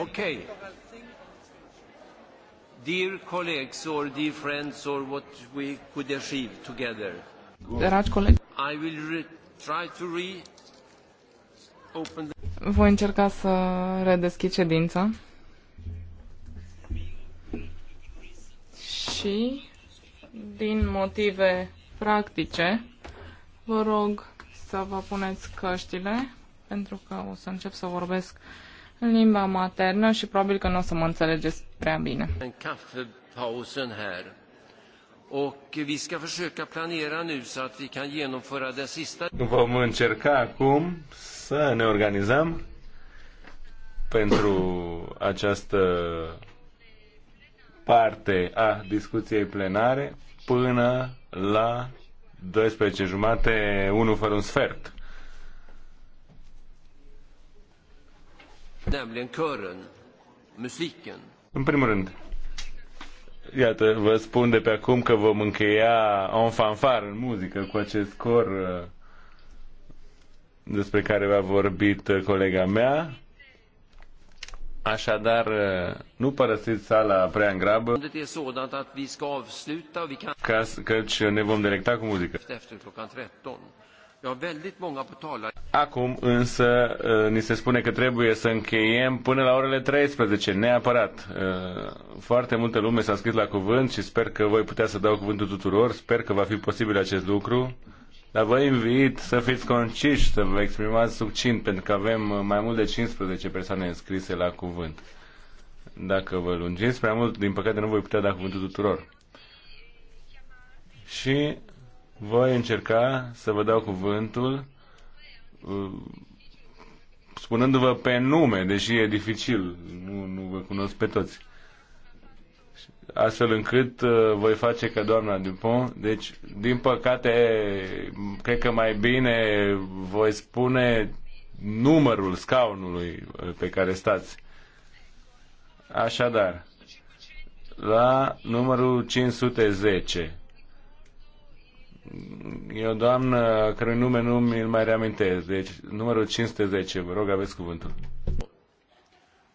Okay. Dear colleagues or dear friends or what we could achieve together. Dragi colegi, I will try to re open the... voi încerca să redeschid ședința. Și din motive practice, vă rog să vă puneți căștile pentru că o să încep să vorbesc uh, în limba maternă și probabil că nu o să mă înțelegeți prea bine. Vom încerca acum să ne organizăm pentru această parte a discuției plenare până la 12 jumate, 1 fără un sfert. nämligen kören, musiken. În primul rând, iată, vă spun de pe acum că vom încheia un fanfar în muzică cu acest cor uh, despre care v-a vorbit uh, colega mea. Așadar, uh, nu părăsiți sala prea în grabă, căci ne vom delecta cu muzică. Acum însă ă, ni se spune că trebuie să încheiem până la orele 13, neapărat. Ă, foarte multă lume s-a scris la cuvânt și sper că voi putea să dau cuvântul tuturor. Sper că va fi posibil acest lucru. Dar vă invit să fiți conciși, să vă exprimați succint, pentru că avem mai mult de 15 persoane înscrise la cuvânt. Dacă vă lungiți prea mult, din păcate nu voi putea da cuvântul tuturor. Și voi încerca să vă dau cuvântul uh, spunându-vă pe nume, deși e dificil, nu, nu vă cunosc pe toți. Astfel încât uh, voi face ca doamna Dupont. Deci, din păcate, cred că mai bine voi spune numărul scaunului uh, pe care stați. Așadar, la numărul 510. E o doamnă cărui nume nu mi-l mai reamintesc. Deci, numărul 510, vă rog, aveți cuvântul.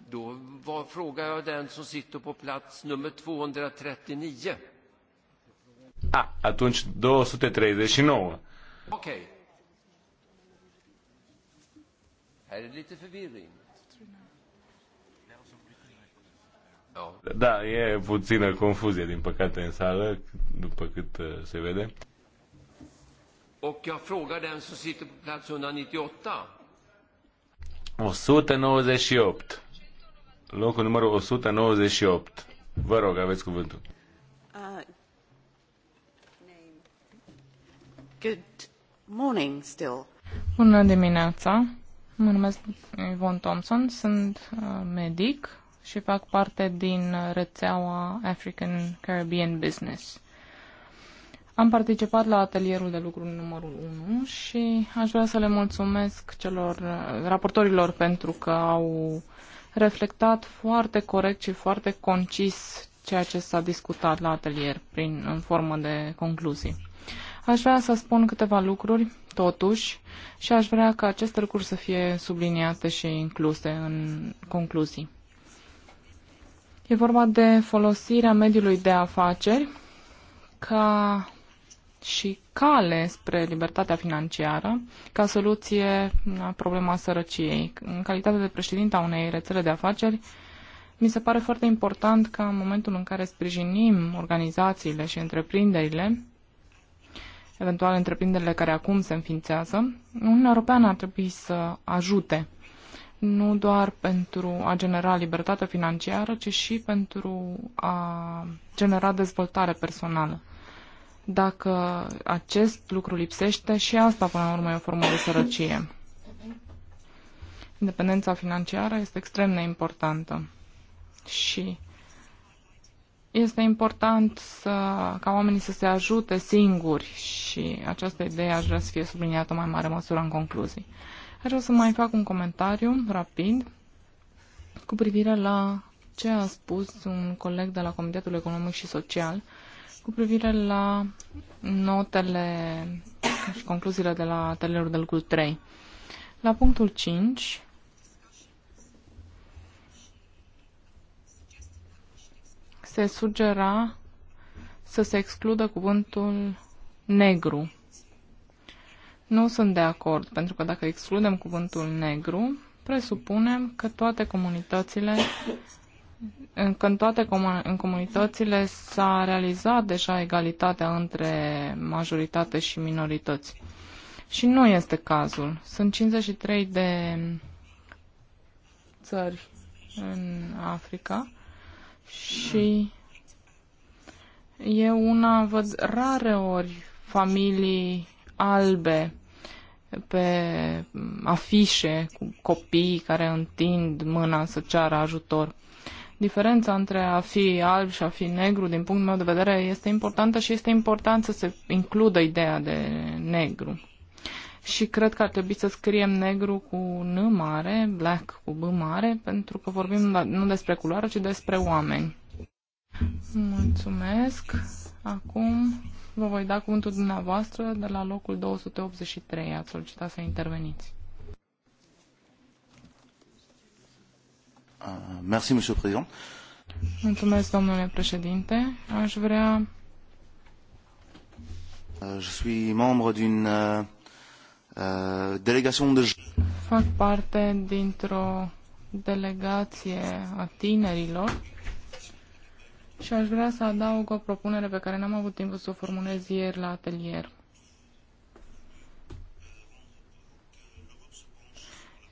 vă var, frågar jag den som sitter på plats nummer 239. Ah, atunci 239. Ok. Okay. Här är lite förvirring. Da, e puțină confuzie, din păcate, în sală, după cât uh, se vede. Och jag frågar den som sitter på plats 198. 198. Locul numărul 198. Vă rog, aveți cuvântul. Uh, good morning still. Bună dimineața. Mă numesc Ivon Thompson, sunt uh, medic și fac parte din rețeaua African Caribbean Business. Am participat la atelierul de lucru numărul 1 și aș vrea să le mulțumesc celor raportorilor pentru că au reflectat foarte corect și foarte concis ceea ce s-a discutat la atelier prin, în formă de concluzii. Aș vrea să spun câteva lucruri, totuși, și aș vrea ca aceste lucruri să fie subliniate și incluse în concluzii. E vorba de folosirea mediului de afaceri ca și cale spre libertatea financiară ca soluție la problema sărăciei. În calitate de președinte a unei rețele de afaceri, mi se pare foarte important ca în momentul în care sprijinim organizațiile și întreprinderile, eventual întreprinderile care acum se înființează, Uniunea Europeană ar trebui să ajute nu doar pentru a genera libertate financiară, ci și pentru a genera dezvoltare personală. Dacă acest lucru lipsește, și asta până la urmă e o formă de sărăcie. Independența financiară este extrem de importantă și este important să, ca oamenii să se ajute singuri și această idee aș vrea să fie subliniată mai mare măsură în concluzii. Aș vrea să mai fac un comentariu rapid cu privire la ce a spus un coleg de la Comitetul Economic și Social cu privire la notele și concluziile de la atelierul de lucru 3, la punctul 5, se sugera să se excludă cuvântul negru. Nu sunt de acord, pentru că dacă excludem cuvântul negru, presupunem că toate comunitățile în, în toate comun- în comunitățile s-a realizat deja egalitatea între majoritate și minorități. Și nu este cazul. Sunt 53 de țări în Africa și e una văd rare ori familii albe pe afișe cu copii care întind mâna să ceară ajutor. Diferența între a fi alb și a fi negru, din punctul meu de vedere, este importantă și este important să se includă ideea de negru. Și cred că ar trebui să scriem negru cu N mare, black cu B mare, pentru că vorbim nu despre culoare, ci despre oameni. Mulțumesc. Acum vă voi da cuvântul dumneavoastră de la locul 283. Ați solicitat să interveniți. Euh, merci, Monsieur Président. Mulțumesc, domnule președinte. vrea... Euh, je suis membre d'une uh, délégation de... Fac parte dintr-o delegație a tinerilor și aș vrea să adaug o propunere pe care n-am avut timpul să o formulez ieri la atelier.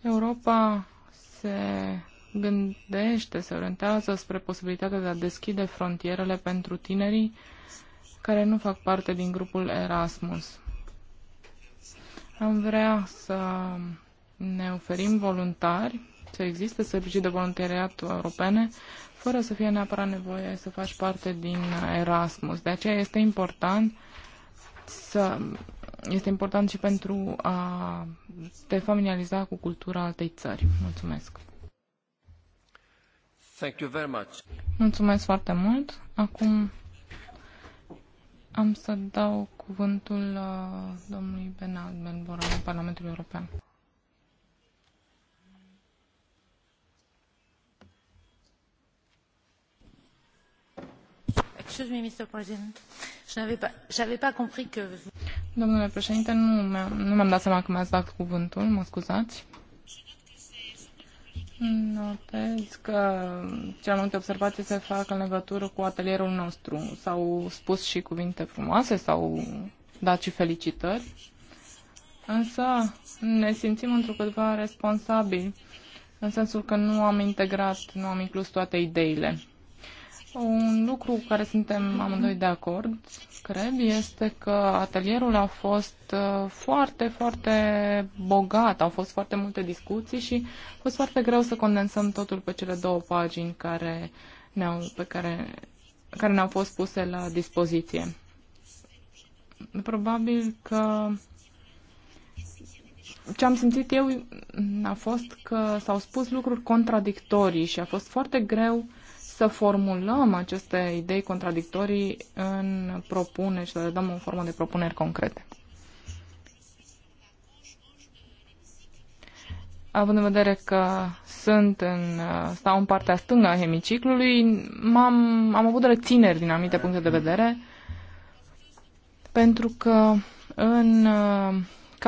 Europa se gândește, se orientează spre posibilitatea de a deschide frontierele pentru tinerii care nu fac parte din grupul Erasmus. Am vrea să ne oferim voluntari, să existe servicii de voluntariat europene, fără să fie neapărat nevoie să faci parte din Erasmus. De aceea este important să este important și pentru a te familiariza cu cultura altei țări. Mulțumesc! Thank you very much. Mulțumesc foarte mult. Acum am să dau cuvântul uh, domnului Benal Benbor al Parlamentului European. Domnule președinte, nu mi-am dat seama că mi-ați dat cuvântul, mă scuzați. Notez că cele multe observații se fac în legătură cu atelierul nostru. S-au spus și cuvinte frumoase, s-au dat și felicitări, însă ne simțim într-o câtva responsabili, în sensul că nu am integrat, nu am inclus toate ideile. Un lucru cu care suntem amândoi de acord, cred, este că atelierul a fost uh, foarte, foarte bogat, au fost foarte multe discuții și a fost foarte greu să condensăm totul pe cele două pagini care ne-au, pe care, care ne-au fost puse la dispoziție. Probabil că ce am simțit eu a fost că s-au spus lucruri contradictorii și a fost foarte greu uh, să formulăm aceste idei contradictorii în propuneri și să le dăm în formă de propuneri concrete. Având în vedere că sunt în, stau în partea stângă a hemiciclului, am am avut rețineri din anumite puncte de vedere, pentru că în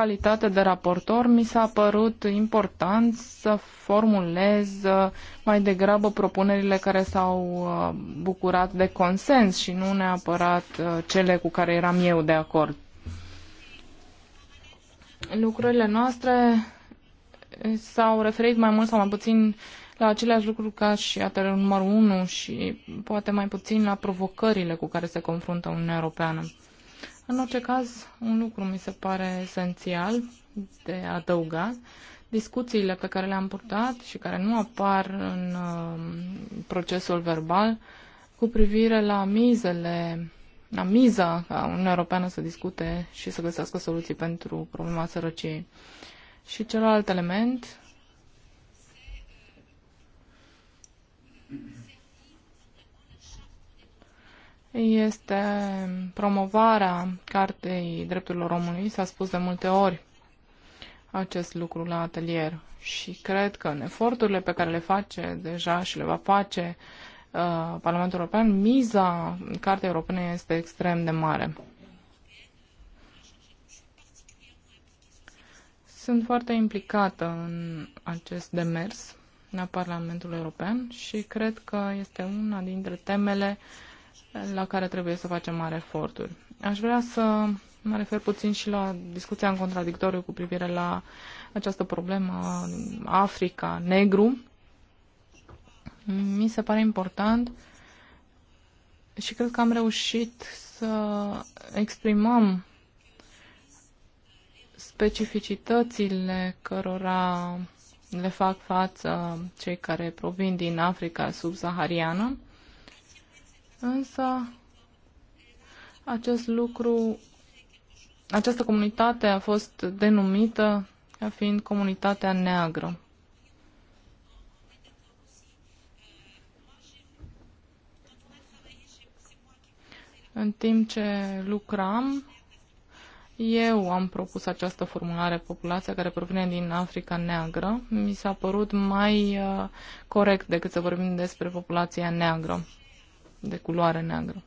calitate de raportor, mi s-a părut important să formulez uh, mai degrabă propunerile care s-au uh, bucurat de consens și nu neapărat uh, cele cu care eram eu de acord. Lucrurile noastre eh, s-au referit mai mult sau mai puțin la aceleași lucruri ca și atelul numărul 1 și poate mai puțin la provocările cu care se confruntă Uniunea Europeană. În orice caz, un lucru mi se pare esențial de adăugat. Discuțiile pe care le-am purtat și care nu apar în um, procesul verbal cu privire la mizele la miza ca Uniunea Europeană să discute și să găsească soluții pentru problema sărăciei. Și celălalt element este promovarea Cartei Drepturilor Omului. S-a spus de multe ori acest lucru la atelier și cred că în eforturile pe care le face deja și le va face uh, Parlamentul European, miza Cartei Europene este extrem de mare. Sunt foarte implicată în acest demers la Parlamentul European și cred că este una dintre temele uh, la care trebuie să facem mare eforturi. Aș vrea să mă refer puțin și la discuția în contradictoriu cu privire la această problemă Africa, negru. Mi se pare important și cred că am reușit să exprimăm specificitățile cărora le fac față cei care provin din Africa subsahariană Însă acest lucru, această comunitate a fost denumită ca fiind comunitatea neagră. În timp ce lucram, eu am propus această formulare, populația care provine din Africa Neagră. Mi s-a părut mai uh, corect decât să vorbim despre populația neagră de culoare neagră.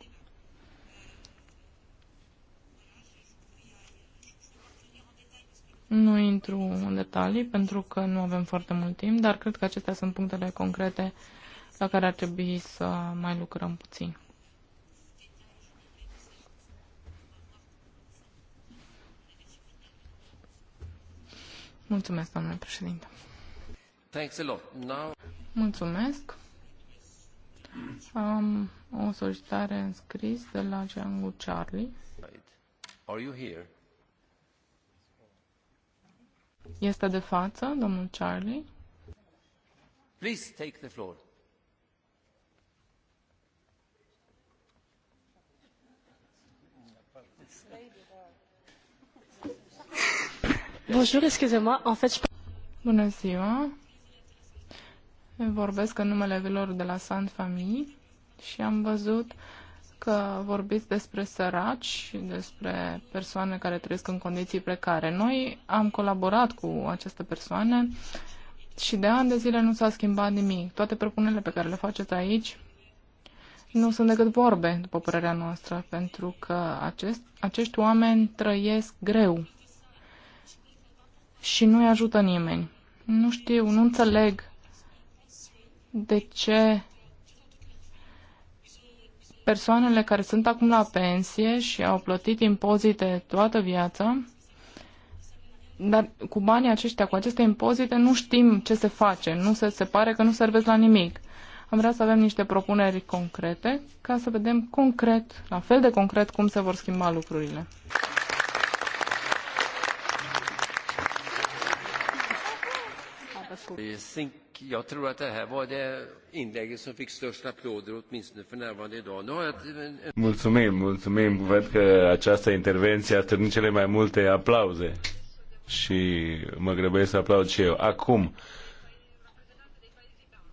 Nu intru în detalii pentru că nu avem foarte mult timp, dar cred că acestea sunt punctele concrete la care ar trebui să mai lucrăm puțin. Mulțumesc, domnule președinte. Mulțumesc. Am o solicitare în scris de la Django Charlie. Are you here? Este de față, domnul Charlie. Please take the floor. Bonjour, excusez-moi, en fait je... Bună ziua, Vorbesc în numele vilor de la Sant Famii și am văzut că vorbiți despre săraci, despre persoane care trăiesc în condiții precare. Noi am colaborat cu aceste persoane și de ani de zile nu s-a schimbat nimic. Toate propunerile pe care le faceți aici nu sunt decât vorbe, după părerea noastră, pentru că acest, acești oameni trăiesc greu și nu-i ajută nimeni. Nu știu, nu înțeleg de ce persoanele care sunt acum la pensie și au plătit impozite toată viața, dar cu banii aceștia, cu aceste impozite, nu știm ce se face, nu se, se pare că nu servez la nimic. Am vrea să avem niște propuneri concrete ca să vedem concret, la fel de concret, cum se vor schimba lucrurile. Think jag tror att det här var det inlägget som fick störst applåder, åtminstone för närvarande idag. Nu har jag en... Mulțumim, mulțumim. Văd că această intervenție a strânit cele mai multe aplauze. Și mă grăbesc să aplaud și eu. Acum,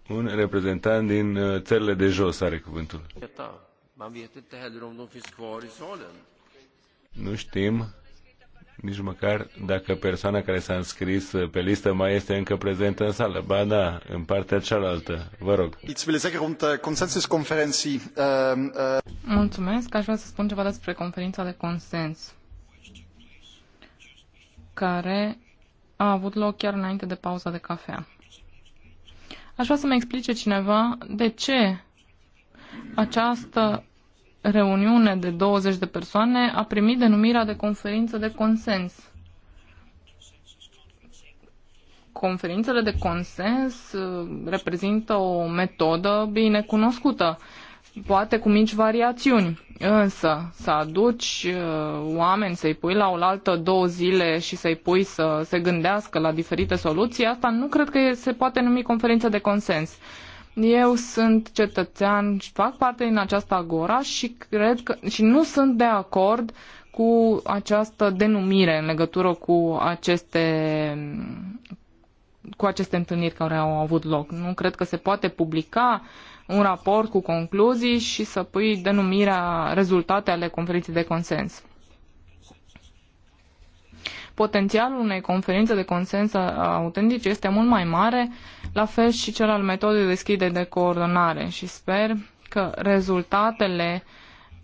un reprezentant din uh, țările de jos are cuvântul. Nu știm nici măcar dacă persoana care s-a înscris pe listă mai este încă prezentă în sală. Ba da, în partea cealaltă. Vă rog. Uh, uh, uh, Mulțumesc. Aș vrea să spun ceva despre conferința de consens care a avut loc chiar înainte de pauza de cafea. Aș vrea să-mi explice cineva de ce această reuniune de 20 de persoane a primit denumirea de conferință de consens. Conferințele de consens uh, reprezintă o metodă bine cunoscută, poate cu mici variațiuni, însă să aduci uh, oameni, să-i pui la oaltă două zile și să-i pui să se gândească la diferite soluții, asta nu cred că se poate numi conferință de consens eu sunt cetățean și fac parte din această agora și cred că și nu sunt de acord cu această denumire în legătură cu aceste cu aceste întâlniri care au avut loc. Nu cred că se poate publica un raport cu concluzii și să pui denumirea rezultate ale conferinței de consens potențialul unei conferințe de consens autentice este mult mai mare, la fel și cel al metodei deschide de coordonare și sper că rezultatele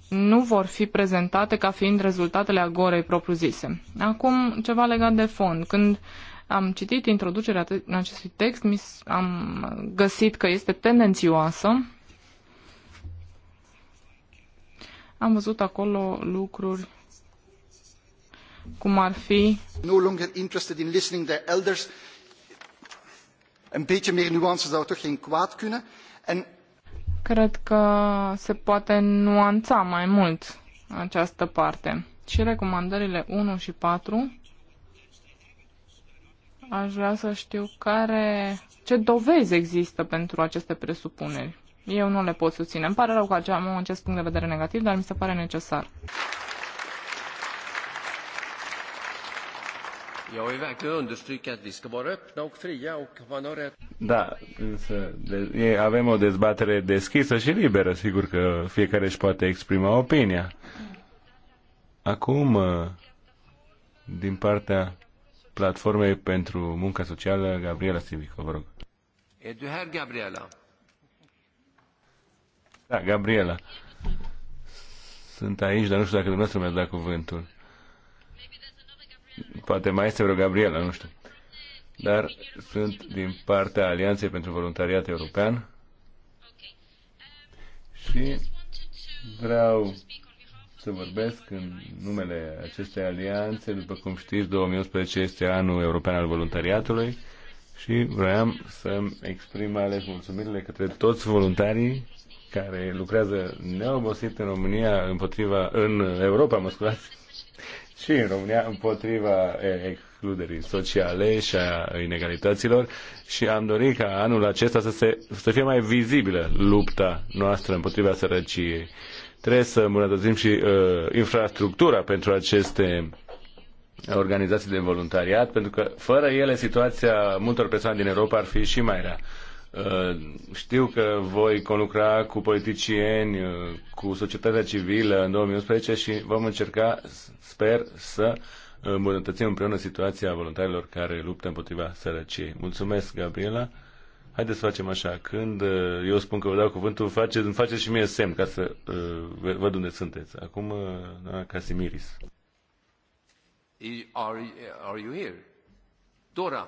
nu vor fi prezentate ca fiind rezultatele agorei propriu-zise. Acum, ceva legat de fond. Când am citit introducerea în acestui text, am găsit că este tendențioasă. Am văzut acolo lucruri cum ar fi no longer interested in listening to elders. Een beetje meer nuance zou toch geen kwaad kunnen. En... Cred că se poate nuanța mai mult această parte. Și recomandările 1 și 4 aș vrea să știu care, ce dovezi există pentru aceste presupuneri. Eu nu le pot susține. Îmi pare rău că am acest punct de vedere negativ, dar mi se pare necesar. Da, însă de, e, avem o dezbatere deschisă și liberă, sigur că fiecare își poate exprima opinia. Acum, din partea platformei pentru munca socială, Gabriela Sivico, vă rog. E tu Gabriela? Da, Gabriela. Sunt aici, dar nu știu dacă dumneavoastră mi-ați dat cuvântul. Poate mai este vreo Gabriela, nu știu. Dar sunt din partea Alianței pentru Voluntariat European și vreau să vorbesc în numele acestei alianțe. După cum știți, 2011 este anul european al voluntariatului și vreau să-mi exprim ales mulțumirile către toți voluntarii care lucrează neobosit în România, împotriva, în Europa, mă scuzați, și în România împotriva excluderii sociale și a inegalităților și am dorit ca anul acesta să, se, să fie mai vizibilă lupta noastră împotriva sărăciei. Trebuie să îmbunătățim și uh, infrastructura pentru aceste organizații de voluntariat, pentru că fără ele situația multor persoane din Europa ar fi și mai rea. Uh, știu că voi conlucra cu politicieni, uh, cu societatea civilă în 2011 și vom încerca, sper, să îmbunătățim împreună situația voluntarilor care luptă împotriva sărăciei. Mulțumesc, Gabriela. Haideți să facem așa. Când uh, eu spun că vă dau cuvântul, faceți, îmi faceți și mie semn ca să uh, văd unde sunteți. Acum, uh, Casimiris. Are, are you here? Dora,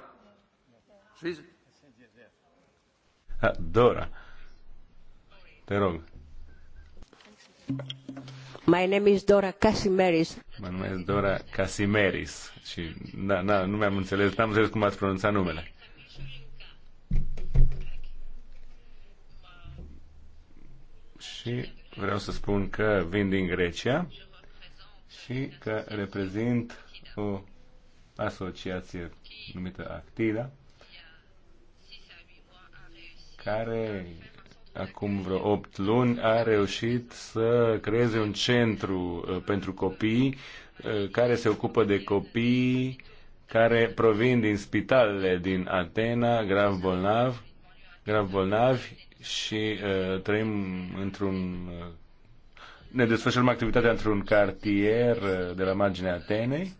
please. Dora, te rog. My name is Dora Casimeris. Mă numesc Dora Casimeris și da, da, nu mi-am înțeles, n-am înțeles cum ați pronunțat numele. Și vreau să spun că vin din Grecia și că reprezint o asociație numită Actida, care acum vreo 8 luni a reușit să creeze un centru uh, pentru copii uh, care se ocupă de copii care provin din spitalele din Atena, grav bolnav, grav bolnavi și uh, trăim într-un uh, ne desfășurăm activitatea într-un cartier uh, de la marginea Atenei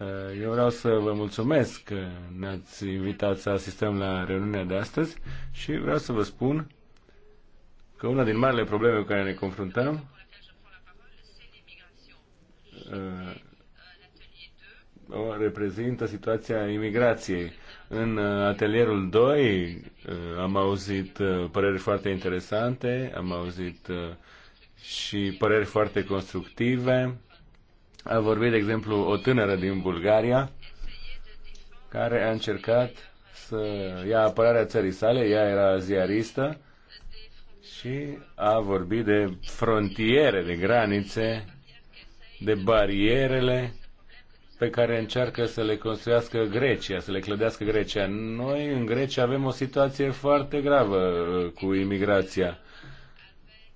Eh, eu vreau să vă mulțumesc că ne-ați invitat să asistăm la reuniunea de astăzi și vreau să vă spun că una din marile probleme cu care ne confruntăm eh, o reprezintă situația imigrației. În eh, atelierul 2 am auzit păreri foarte interesante, am auzit și păreri foarte constructive a vorbit, de exemplu, o tânără din Bulgaria care a încercat să ia apărarea țării sale, ea era ziaristă și a vorbit de frontiere, de granițe, de barierele pe care încearcă să le construiască Grecia, să le clădească Grecia. Noi în Grecia avem o situație foarte gravă uh, cu imigrația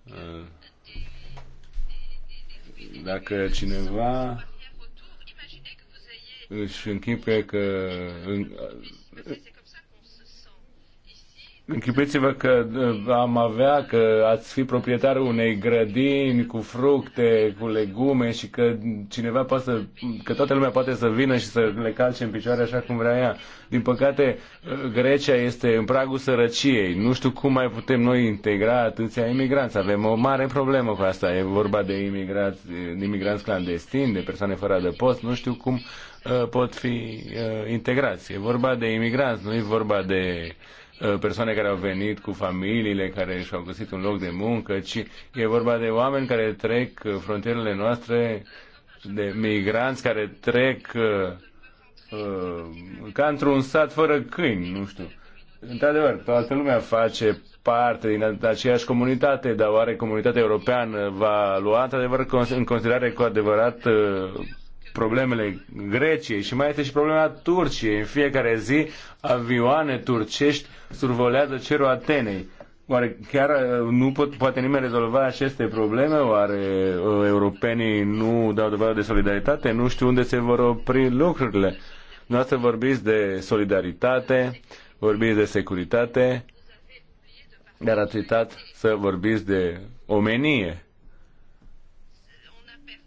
uh, dacă cineva își închipe că Închipuiți-vă că uh, am avea, că ați fi proprietarul unei grădini cu fructe, cu legume și că cineva poate să, că toată lumea poate să vină și să le calce în picioare așa cum vrea ea. Din păcate, uh, Grecia este în pragul sărăciei. Nu știu cum mai putem noi integra atâția imigranți. Avem o mare problemă cu asta. E vorba de imigranți, de imigranți clandestini, de persoane fără adăpost. Nu știu cum uh, pot fi integrați. E vorba de imigranți, nu e vorba de Uh, persoane care au venit cu familiile, care și-au găsit un loc de muncă, ci e vorba de oameni care trec uh, frontierele noastre, de migranți care trec uh, ca într-un sat fără câini, nu știu. Într-adevăr, toată lumea face parte din aceeași comunitate, dar oare comunitatea europeană va lua într-adevăr în considerare cu adevărat problemele Greciei și mai este și problema Turciei. În fiecare zi avioane turcești survolează cerul Atenei. Oare chiar uh, nu pot, poate nimeni rezolva aceste probleme? Oare uh, europenii nu dau dovadă de solidaritate? Nu știu unde se vor opri lucrurile. Noastră vorbiți de solidaritate, vorbiți de securitate, dar ați uitat să vorbiți de omenie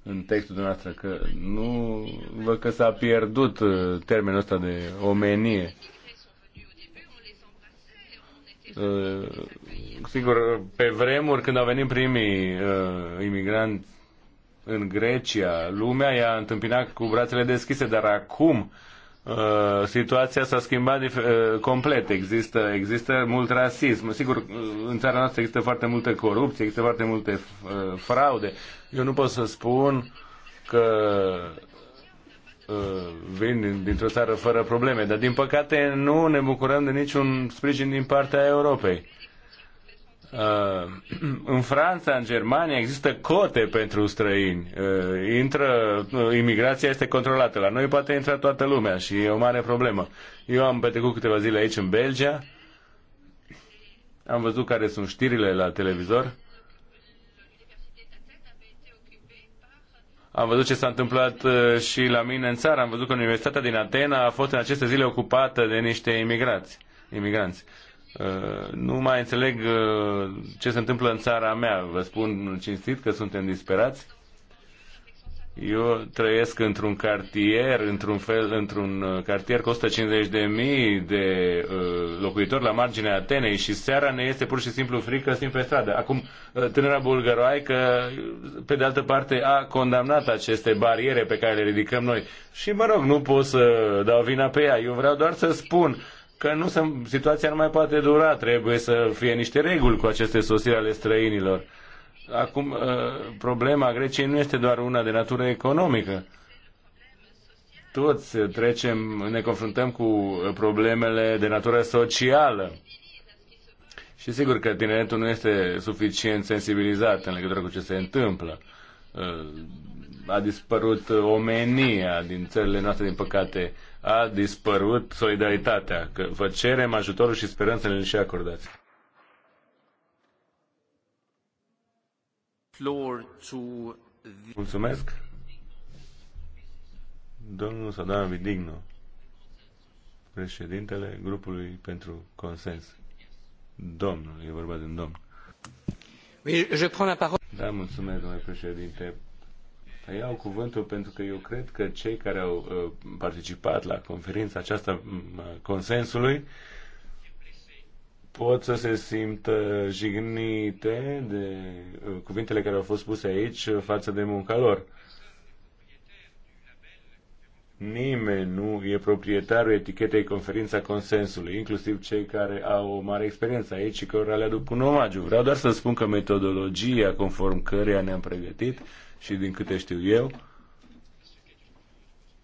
în textul dumneavoastră că nu vă că s-a pierdut uh, termenul ăsta de omenie. Uh, sigur, pe vremuri când au venit primii uh, imigranți în Grecia, lumea i-a întâmpinat cu brațele deschise, dar acum uh, Uh, situația s-a schimbat uh, complet. Există, există mult rasism. Sigur, uh, în țara noastră există foarte multă corupție, există foarte multe uh, fraude. Eu nu pot să spun că uh, vin dintr-o țară fără probleme, dar din păcate nu ne bucurăm de niciun sprijin din partea Europei. Uh, în Franța, în Germania există cote pentru străini. Uh, intră, uh, imigrația este controlată. La noi poate intra toată lumea și e o mare problemă. Eu am petrecut câteva zile aici în Belgia. Am văzut care sunt știrile la televizor. Am văzut ce s-a întâmplat și la mine în țară. Am văzut că Universitatea din Atena a fost în aceste zile ocupată de niște imigrați, imigranți. Uh, nu mai înțeleg uh, ce se întâmplă în țara mea. Vă spun cinstit că suntem disperați. Eu trăiesc într-un cartier, într-un fel, într-un uh, cartier cu 150.000 de mii de uh, locuitori la marginea Atenei și seara ne este pur și simplu frică să pe stradă. Acum, tânăra bulgăroaică, pe de altă parte, a condamnat aceste bariere pe care le ridicăm noi. Și, mă rog, nu pot să dau vina pe ea. Eu vreau doar să spun că nu sunt, situația nu mai poate dura, trebuie să fie niște reguli cu aceste sosiri ale străinilor. Acum, ă, problema Greciei nu este doar una de natură economică. Toți trecem, ne confruntăm cu problemele de natură socială. Și sigur că tineretul nu este suficient sensibilizat în legătură cu ce se întâmplă. Ă, a dispărut omenia din țările noastre, din păcate a dispărut solidaritatea. Că vă cerem ajutorul și sperăm să ne și acordați. Mulțumesc. Domnul Sadam Vidigno, președintele grupului pentru consens. Domnul, e vorba de un domn. Da, mulțumesc, domnule președinte. Păi iau cuvântul pentru că eu cred că cei care au uh, participat la conferința aceasta uh, consensului pot să se simtă jignite de uh, cuvintele care au fost spuse aici față de munca lor. Nimeni nu e proprietarul etichetei conferința consensului, inclusiv cei care au o mare experiență aici și care le aduc un omagiu. Vreau doar să spun că metodologia conform căreia ne-am pregătit și din câte știu eu,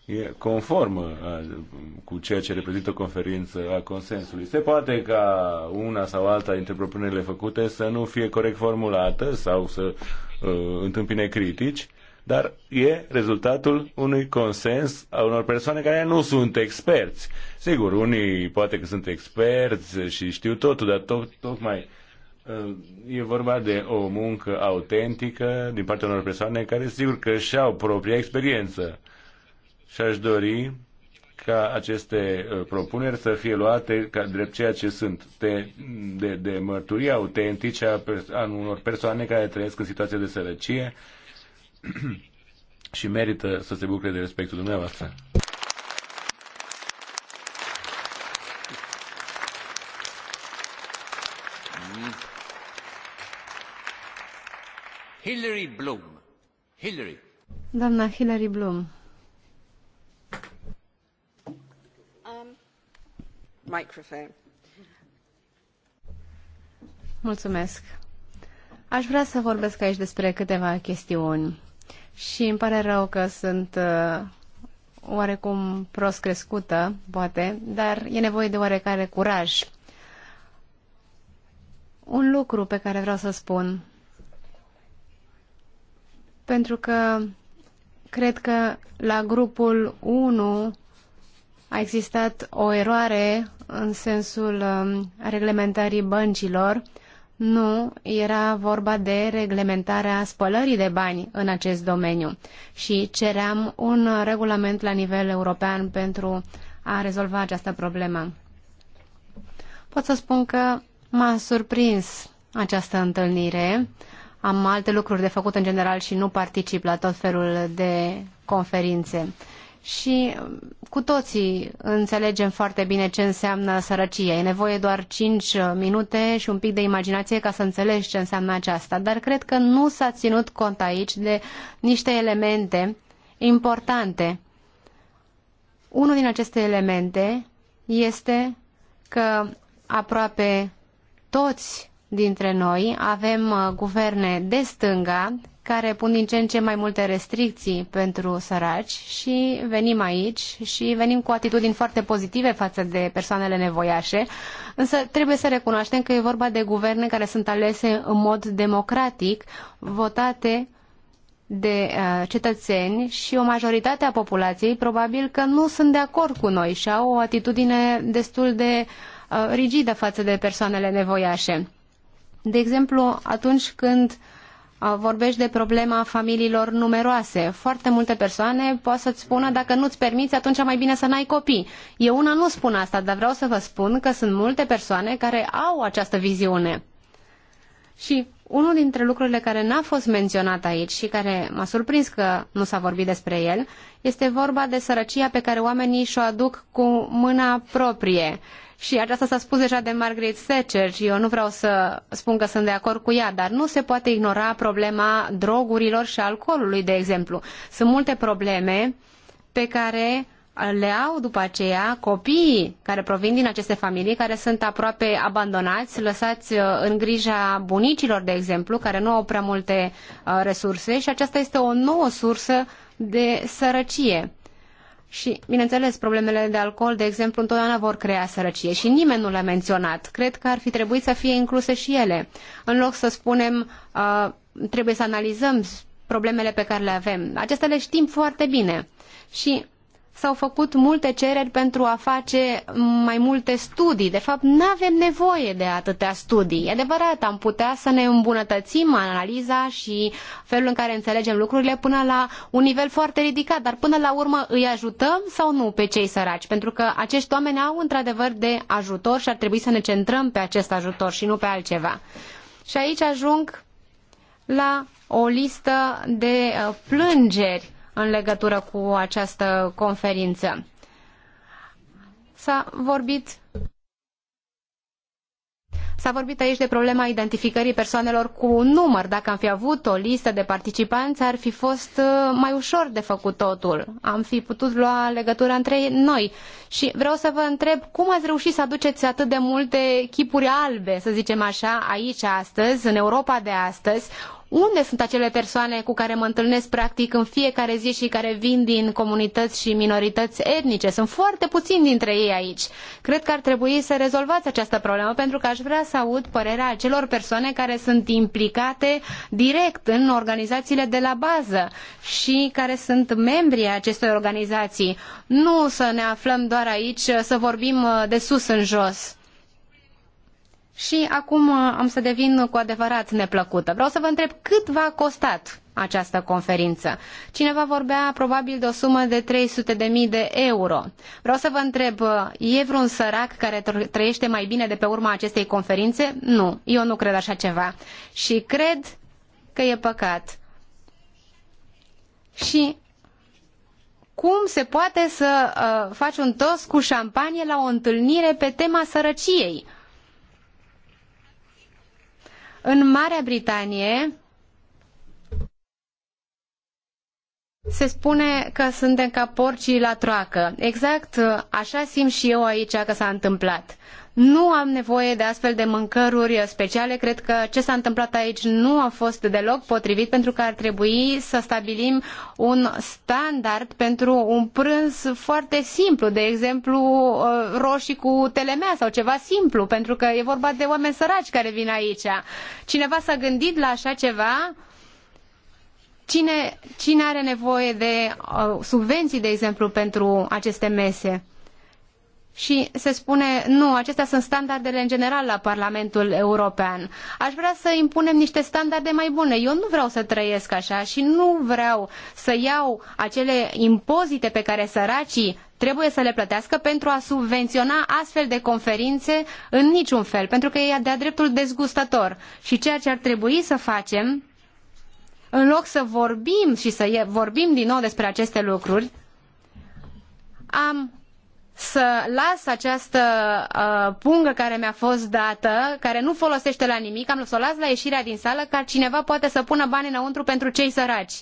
e conformă a, uh, cu ceea ce reprezintă o conferință a consensului. Se poate ca una sau alta dintre propunerile făcute să nu fie corect formulată sau să uh, întâmpine critici, dar e rezultatul unui consens a unor persoane care nu sunt experți. Sigur, unii poate că sunt experți și știu totul, dar tot, tocmai Ehm, e vorba de o muncă autentică din partea unor persoane care sigur că și-au propria experiență și aș dori ca aceste ă, propuneri să fie luate ca drept ceea ce sunt, de, de, de mărturii autentice a, a unor persoane care trăiesc în situație de sărăcie și merită să se bucure de respectul dumneavoastră. Doamna Hillary Bloom. Um, Mulțumesc. Aș vrea să vorbesc aici despre câteva chestiuni și îmi pare rău că sunt uh, oarecum prost crescută, poate, dar e nevoie de oarecare curaj. Un lucru pe care vreau să spun pentru că cred că la grupul 1 a existat o eroare în sensul um, reglementării băncilor. Nu, era vorba de reglementarea spălării de bani în acest domeniu și ceream un regulament la nivel european pentru a rezolva această problemă. Pot să spun că m-a surprins această întâlnire am alte lucruri de făcut în general și nu particip la tot felul de conferințe. Și um, cu toții înțelegem foarte bine ce înseamnă sărăcie. E nevoie doar 5 uh, minute și un pic de imaginație ca să înțelegi ce înseamnă aceasta. Dar cred că nu s-a ținut cont aici de niște elemente importante. Unul din aceste elemente este că aproape toți dintre noi avem uh, guverne de stânga care pun din ce în ce mai multe restricții pentru săraci și venim aici și venim cu atitudini foarte pozitive față de persoanele nevoiașe, însă trebuie să recunoaștem că e vorba de guverne care sunt alese în mod democratic, votate de uh, cetățeni și o majoritate a populației probabil că nu sunt de acord cu noi și au o atitudine destul de uh, rigidă față de persoanele nevoiașe. De exemplu, atunci când vorbești de problema familiilor numeroase. Foarte multe persoane pot să-ți spună, dacă nu-ți permiți, atunci mai bine să n-ai copii. Eu una nu spun asta, dar vreau să vă spun că sunt multe persoane care au această viziune. Și unul dintre lucrurile care n-a fost menționat aici și care m-a surprins că nu s-a vorbit despre el, este vorba de sărăcia pe care oamenii și-o aduc cu mâna proprie și aceasta s-a spus deja de Margaret Thatcher și eu nu vreau să spun că sunt de acord cu ea, dar nu se poate ignora problema drogurilor și alcoolului, de exemplu. Sunt multe probleme pe care le au după aceea copiii care provin din aceste familii, care sunt aproape abandonați, lăsați uh, în grija bunicilor, de exemplu, care nu au prea multe uh, resurse și aceasta este o nouă sursă de sărăcie. Și, bineînțeles, problemele de alcool, de exemplu, întotdeauna vor crea sărăcie și nimeni nu le-a menționat. Cred că ar fi trebuit să fie incluse și ele. În loc să spunem, uh, trebuie să analizăm problemele pe care le avem. Acestea le știm foarte bine. Și s-au făcut multe cereri pentru a face mai multe studii. De fapt, nu avem nevoie de atâtea studii. E adevărat, am putea să ne îmbunătățim analiza și felul în care înțelegem lucrurile până la un nivel foarte ridicat, dar până la urmă îi ajutăm sau nu pe cei săraci? Pentru că acești oameni au într-adevăr de ajutor și ar trebui să ne centrăm pe acest ajutor și nu pe altceva. Și aici ajung la o listă de uh, plângeri în legătură cu această conferință. S-a vorbit S-a vorbit aici de problema identificării persoanelor cu număr. Dacă am fi avut o listă de participanți, ar fi fost uh, mai ușor de făcut totul. Am fi putut lua legătura între noi. Și vreau să vă întreb, cum ați reușit să aduceți atât de multe chipuri albe, să zicem așa, aici astăzi, în Europa de astăzi, unde sunt acele persoane cu care mă întâlnesc practic în fiecare zi și care vin din comunități și minorități etnice. Sunt foarte puțini dintre ei aici. Cred că ar trebui să rezolvați această problemă pentru că aș vrea să aud părerea acelor persoane care sunt implicate direct în organizațiile de la bază și care sunt membri ai acestor organizații. Nu să ne aflăm doar aici să vorbim uh, de sus în jos și acum uh, am să devin cu adevărat neplăcută. Vreau să vă întreb cât v-a costat această conferință. Cineva vorbea probabil de o sumă de 300.000 de, de euro. Vreau să vă întreb, uh, e vreun sărac care trăiește mai bine de pe urma acestei conferințe? Nu, eu nu cred așa ceva. Și cred că e păcat. Și cum se poate să uh, faci un tos cu șampanie la o întâlnire pe tema sărăciei? Uh, în Marea Britanie se spune că suntem ca porcii la troacă. Exact așa simt și eu aici că s-a întâmplat. Nu am nevoie de astfel de mâncăruri speciale. Cred că ce s-a întâmplat aici nu a fost deloc potrivit pentru că ar trebui să stabilim un standard pentru un prânz foarte simplu, de exemplu uh, roșii cu telemea sau ceva simplu, pentru că e vorba de oameni săraci care vin aici. Cineva s-a gândit la așa ceva? Cine, cine are nevoie de uh, subvenții, de exemplu, pentru aceste mese? și se spune, nu, acestea sunt standardele în general la Parlamentul European. Aș vrea să impunem niște standarde mai bune. Eu nu vreau să trăiesc așa și nu vreau să iau acele impozite pe care săracii trebuie să le plătească pentru a subvenționa astfel de conferințe în niciun fel, pentru că e de-a dreptul dezgustător. Și ceea ce ar trebui să facem, în loc să vorbim și să vorbim din nou despre aceste lucruri, am să las această uh, pungă care mi-a fost dată, care nu folosește la nimic, am să o las la ieșirea din sală ca cineva poate să pună bani înăuntru pentru cei săraci.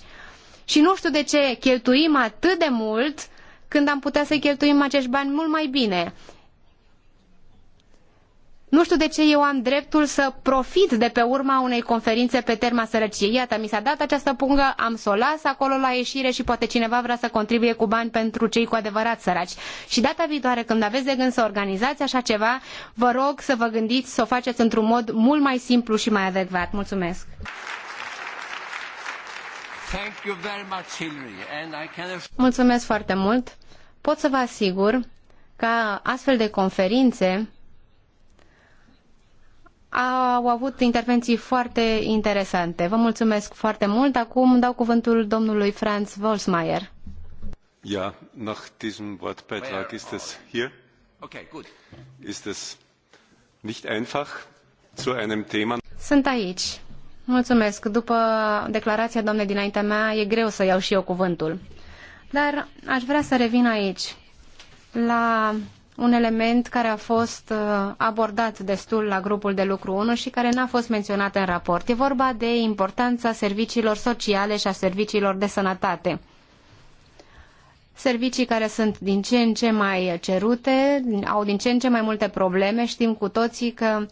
Și nu știu de ce cheltuim atât de mult când am putea să-i cheltuim acești bani mult mai bine. Nu știu de ce eu am dreptul să profit de pe urma unei conferințe pe tema sărăciei. Iată, mi s-a dat această pungă, am să o las acolo la ieșire și poate cineva vrea să contribuie cu bani pentru cei cu adevărat săraci. Și data viitoare, când aveți de gând să organizați așa ceva, vă rog să vă gândiți să o faceți într-un mod mult mai simplu și mai adecvat. Mulțumesc! Mulțumesc foarte mult! Pot să vă asigur că astfel de conferințe au avut intervenții foarte interesante. Vă mulțumesc foarte mult. Acum dau cuvântul domnului Franz Wolfsmeier. Ja, nach diesem Wortbeitrag ist es hier. Okay, gut. Ist es nicht einfach zu einem Thema? Sunt aici. Mulțumesc. După declarația doamnei dinaintea mea, e greu să iau și eu cuvântul. Dar aș vrea să revin aici la un element care a fost uh, abordat destul la grupul de lucru 1 și care n-a fost menționat în raport. E vorba de importanța serviciilor sociale și a serviciilor de sănătate servicii care sunt din ce în ce mai cerute, au din ce în ce mai multe probleme. Știm cu toții că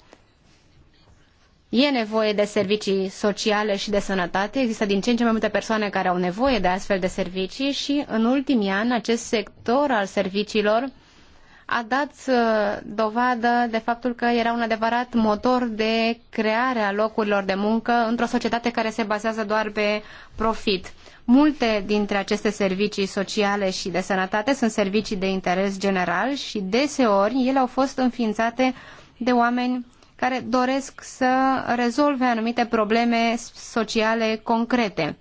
e nevoie de servicii sociale și de sănătate. Există din ce în ce mai multe persoane care au nevoie de astfel de servicii și în ultimii ani acest sector al serviciilor a dat uh, dovadă de faptul că era un adevărat motor de creare a locurilor de muncă într-o societate care se bazează doar pe profit. Multe dintre aceste servicii sociale și de sănătate sunt servicii de interes general și deseori ele au fost înființate de oameni care doresc să rezolve anumite probleme sociale concrete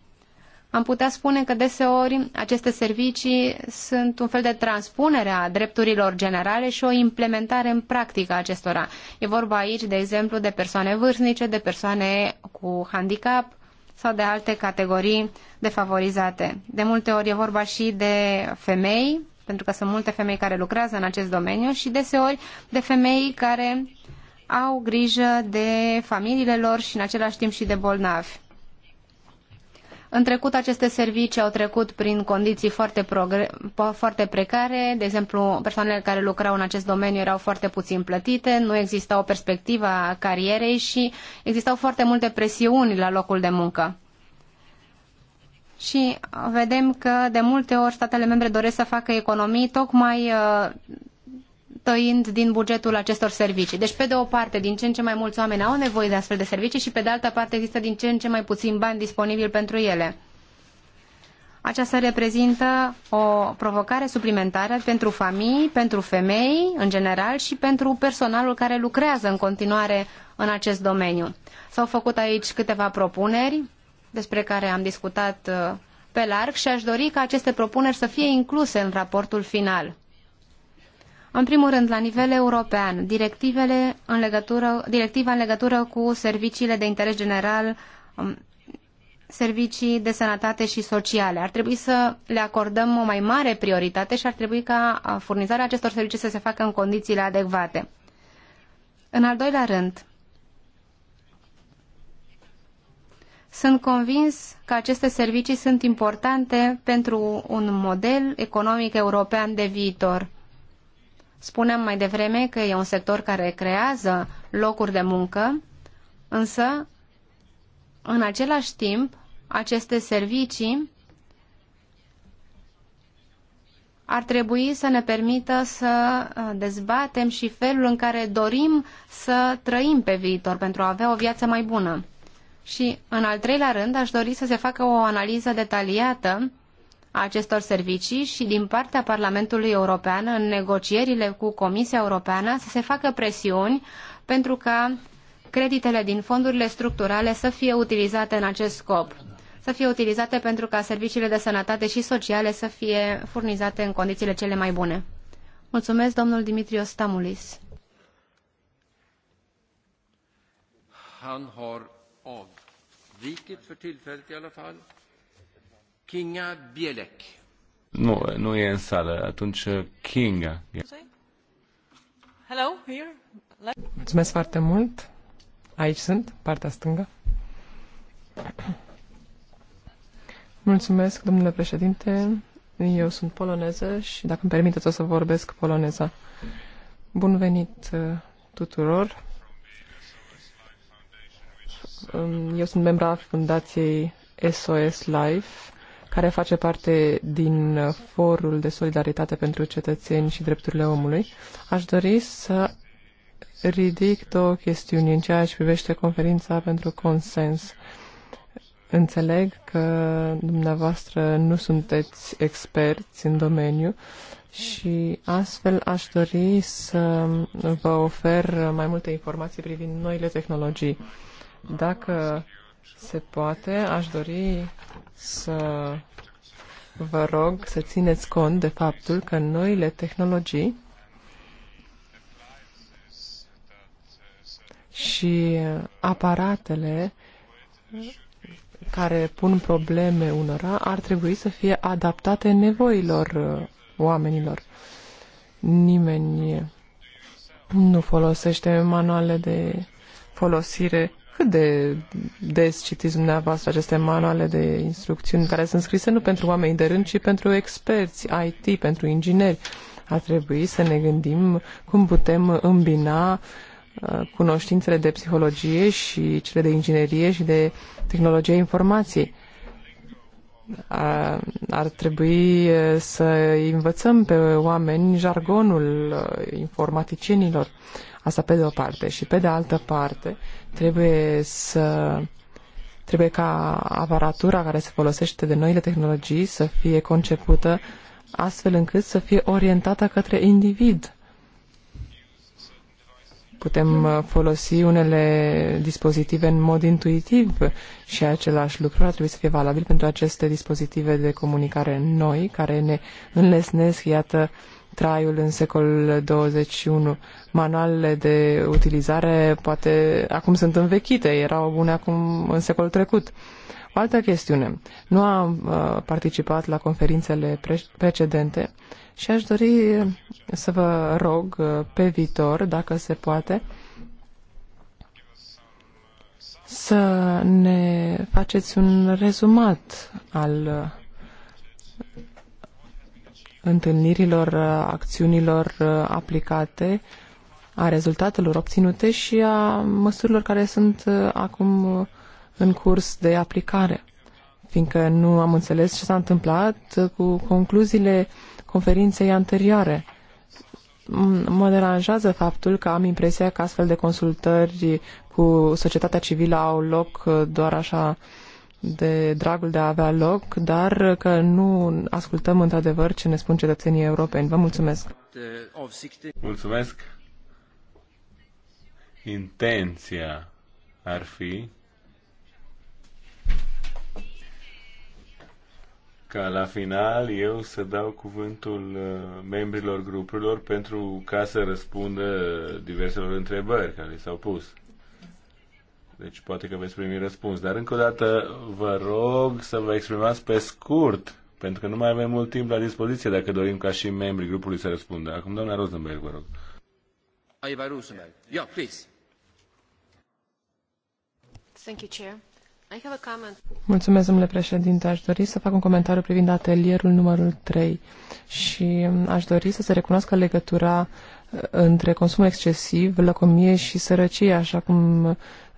am putea spune că deseori aceste servicii sunt un fel de transpunere a drepturilor generale și o implementare în practică a acestora. E vorba aici, de exemplu, de persoane vârstnice, de persoane cu handicap sau de alte categorii defavorizate. De multe ori e vorba și de femei, pentru că sunt multe femei care lucrează în acest domeniu și deseori de femei care au grijă de familiile lor și în același timp și de bolnavi. În trecut, aceste servicii au trecut prin condiții foarte, foarte precare, de exemplu, persoanele care lucrau în acest domeniu erau foarte puțin plătite, nu exista o perspectivă a carierei și existau foarte multe presiuni la locul de muncă. Și vedem că de multe ori statele membre doresc să facă economii tocmai uh, tăind din bugetul acestor servicii. Deci, pe de o parte, din ce în ce mai mulți oameni au nevoie de astfel de servicii și, pe de altă parte, există din ce în ce mai puțin bani disponibili pentru ele. Aceasta reprezintă o provocare suplimentară pentru familii, pentru femei în general și pentru personalul care lucrează în continuare în acest domeniu. S-au făcut aici câteva propuneri despre care am discutat uh, pe larg și aș dori ca aceste propuneri să fie incluse în raportul final. În primul rând, la nivel european, directivele în legătură, directiva în legătură cu serviciile de interes general, um, servicii de sănătate și sociale. Ar trebui să le acordăm o mai mare prioritate și ar trebui ca furnizarea acestor servicii să se facă în condițiile adecvate. În al doilea rând, Sunt convins că aceste servicii sunt importante pentru un model economic european de viitor. Spuneam mai devreme că e un sector care creează locuri de muncă, însă, în același timp, aceste servicii ar trebui să ne permită să uh, dezbatem și felul în care dorim să trăim pe viitor pentru a avea o viață mai bună. Și, în al treilea rând, aș dori să se facă o analiză detaliată a acestor servicii și din partea Parlamentului European în negocierile cu Comisia Europeană să se facă presiuni pentru ca creditele din fondurile structurale să fie utilizate în acest scop să fie utilizate pentru ca serviciile de sănătate și sociale să fie furnizate în condițiile cele mai bune. Mulțumesc, domnul Dimitrios Stamulis. Han har avvikit för tillfället i alla fall. Kinga Bielek. Nu, nu e în sală. Atunci uh, Kinga. Hello, here. Mulțumesc foarte mult. Aici sunt, partea stângă. Mulțumesc, domnule președinte. Eu sunt poloneză și dacă îmi permiteți o să vorbesc poloneza. Bun venit uh, tuturor. Um, eu sunt membra fundației SOS Life care face parte din Forul de Solidaritate pentru Cetățeni și Drepturile Omului, aș dori să ridic două chestiuni în ceea ce privește conferința pentru consens. Înțeleg că dumneavoastră nu sunteți experți în domeniu și astfel aș dori să vă ofer mai multe informații privind noile tehnologii. Dacă se poate, aș dori să vă rog să țineți cont de faptul că noile tehnologii și aparatele care pun probleme unora ar trebui să fie adaptate nevoilor uh, oamenilor. Nimeni nu folosește manuale de folosire cât de des citiți dumneavoastră aceste manuale de instrucțiuni care sunt scrise nu pentru oameni de rând, ci pentru experți, IT, pentru ingineri? Ar trebui să ne gândim cum putem îmbina uh, cunoștințele de psihologie și cele de inginerie și de tehnologie informației. Ar, uh, ar trebui uh, să învățăm pe oameni jargonul informaticienilor. Asta pe de o parte. Și pe de altă parte, trebuie să trebuie ca aparatura care se folosește de noile tehnologii să fie concepută astfel încât să fie orientată către individ. Putem uh, folosi unele dispozitive în mod intuitiv și același lucru ar trebui să fie valabil pentru aceste dispozitive de comunicare noi care ne înlesnesc, iată, uh, traiul în secolul 21. Manualele de utilizare poate acum sunt învechite, erau bune acum în secolul trecut. O altă chestiune. Nu am uh, participat la conferințele pre- precedente și aș dori uh, să vă rog uh, pe viitor, dacă se poate, să ne faceți un rezumat al uh, întâlnirilor, uh, acțiunilor uh, aplicate, a rezultatelor obținute și a măsurilor care sunt uh, acum în curs de aplicare. Fiindcă nu am înțeles ce s-a întâmplat cu concluziile conferinței anterioare. Mă deranjează faptul că am impresia că astfel de consultări cu societatea civilă au loc doar așa de dragul de a avea loc, dar că nu ascultăm într-adevăr ce ne spun cetățenii europeni. Vă mulțumesc! Mulțumesc! Intenția ar fi ca la final eu să dau cuvântul uh, membrilor grupurilor pentru ca să răspundă diverselor întrebări care s-au pus. Deci poate că veți primi răspuns. Dar încă o dată vă rog să vă exprimați pe scurt, pentru că nu mai avem mult timp la dispoziție dacă dorim ca și membrii grupului să răspundă. Acum, doamna Rosenberg, vă rog. vă Rosenberg. Ia, please. Thank you, Chair. I have a comment. Mulțumesc, domnule președinte. Aș dori să fac un comentariu privind atelierul numărul 3 și um, aș dori să se recunoască legătura uh, între consumul excesiv, lăcomie și sărăcie, așa cum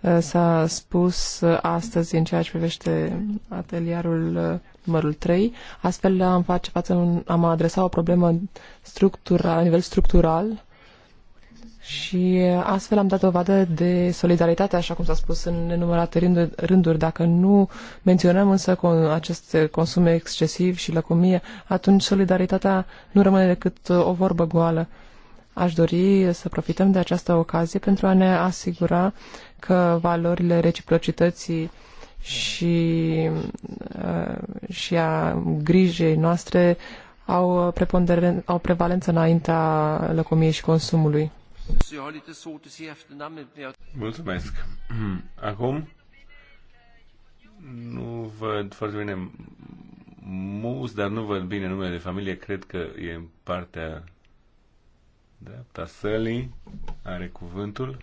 Eh, s-a spus eh, astăzi în ceea ce privește atelierul eh, numărul 3. Astfel am face față, am adresat o problemă structura, la nivel structural și astfel am dat dovadă de solidaritate, așa cum s-a spus în nenumărate rânduri, rânduri. Dacă nu menționăm însă cu acest consum excesiv și lăcomie, atunci solidaritatea nu rămâne decât o vorbă goală. Aș dori să profităm de această ocazie pentru a ne asigura că valorile reciprocității și, uh, și a grijei noastre au, uh, au prevalență înaintea lăcomiei și consumului. Mulțumesc. Acum nu văd foarte bine mus, dar nu văd bine numele de familie. Cred că e în partea dreapta sălii. Are cuvântul.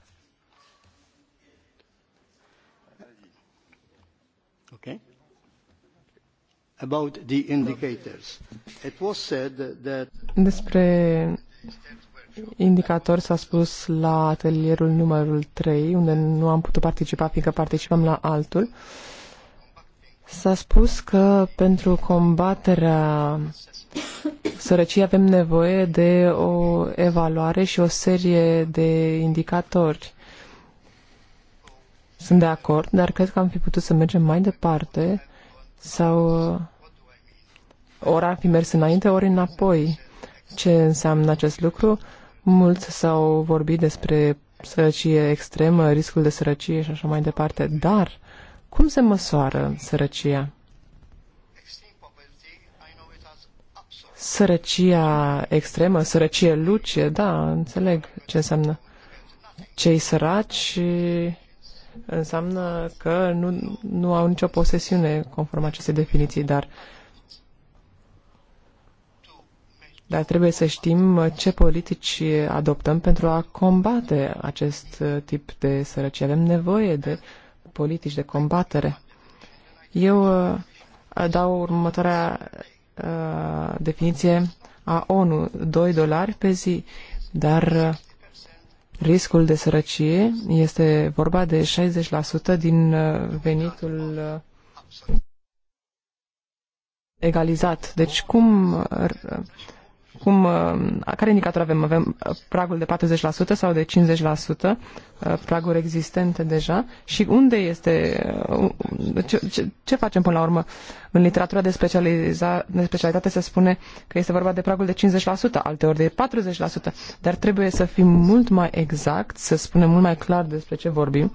Okay? About the indicators. It was said that... Despre indicator s-a spus la atelierul numărul 3, unde nu am putut participa, fiindcă participam la altul. S-a spus că pentru combaterea sărăciei avem nevoie de o evaluare și o serie de indicatori. Sunt de acord, dar cred că am fi putut să mergem mai departe sau uh, ori ar fi mers înainte, ori înapoi. Ce înseamnă acest lucru? Mulți s-au vorbit despre sărăcie extremă, riscul de sărăcie și așa mai departe, dar cum se măsoară sărăcia? Sărăcia extremă, sărăcie luce, da, înțeleg ce înseamnă. Cei săraci înseamnă că nu, nu au nicio posesiune conform acestei definiții, dar dar trebuie să știm ce politici adoptăm pentru a combate acest tip de sărăcie. Avem nevoie de politici de combatere. Eu uh, dau următoarea uh, definiție a ONU, 2 dolari pe zi, dar uh, riscul de sărăcie. Este vorba de 60% din uh, venitul uh, egalizat. Deci cum uh, cum, uh, care indicator avem? Avem uh, pragul de 40% sau de 50%, uh, praguri existente deja, și unde este, ce, ce, ce facem până la urmă? În literatura de, de specialitate se spune că este vorba de pragul de 50%, alteori de 40%, dar trebuie să fim mult mai exact, să spunem mult mai clar despre ce vorbim,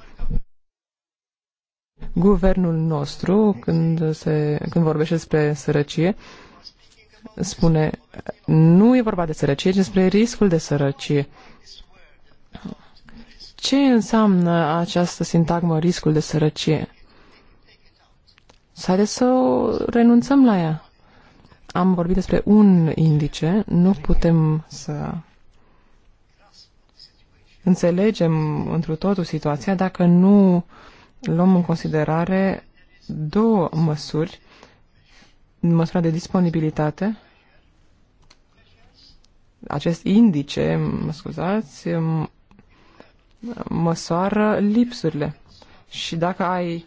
guvernul nostru, când, se, când vorbește despre sărăcie, spune nu e vorba de sărăcie, ci despre riscul de sărăcie. Ce înseamnă această sintagmă riscul de sărăcie? Să să renunțăm la ea. Am vorbit despre un indice, nu putem să înțelegem întru totul situația dacă nu luăm în considerare două măsuri, măsura de disponibilitate acest indice, mă scuzați, măsoară lipsurile. Și dacă ai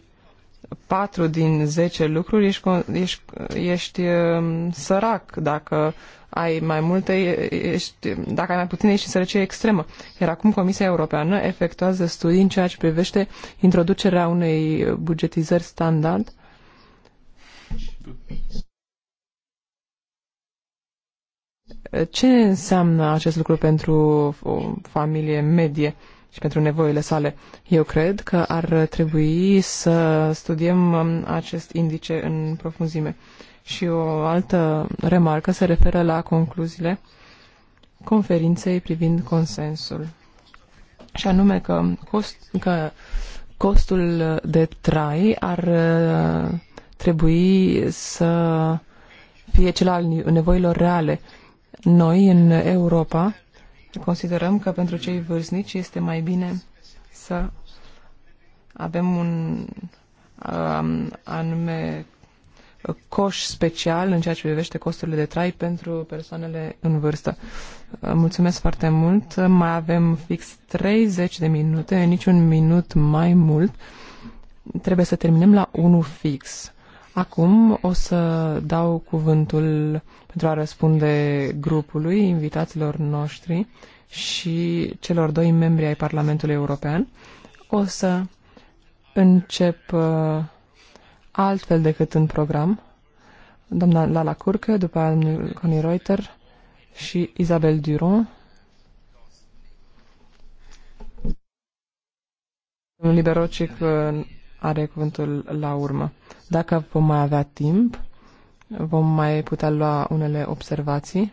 4 din 10 lucruri, ești, ești, ești um, sărac. Dacă ai mai multe, ești, dacă ai mai puține, ești în sărăcie extremă. Iar acum Comisia Europeană efectuează studii în ceea ce privește introducerea unei bugetizări standard Ce înseamnă acest lucru pentru o familie medie și pentru nevoile sale? Eu cred că ar trebui să studiem um, acest indice în profunzime. Și o altă remarcă se referă la concluziile conferinței privind consensul. Și anume că, cost, că costul de trai ar uh, trebui să fie cel al nevoilor reale noi, în Europa, considerăm că pentru cei vârstnici este mai bine să avem un um, anume coș special în ceea ce privește costurile de trai pentru persoanele în vârstă. Mulțumesc foarte mult. Mai avem fix 30 de minute, niciun minut mai mult. Trebuie să terminăm la 1 fix. Acum o să dau cuvântul pentru a răspunde grupului, invitaților noștri și celor doi membri ai Parlamentului European. O să încep uh, altfel decât în program. Doamna Lala Curcă, după aia domnul Connie Reuter și Isabel Duron. Domnul Liberocic uh, are cuvântul la urmă. Dacă vom mai avea timp, vom mai putea lua unele observații,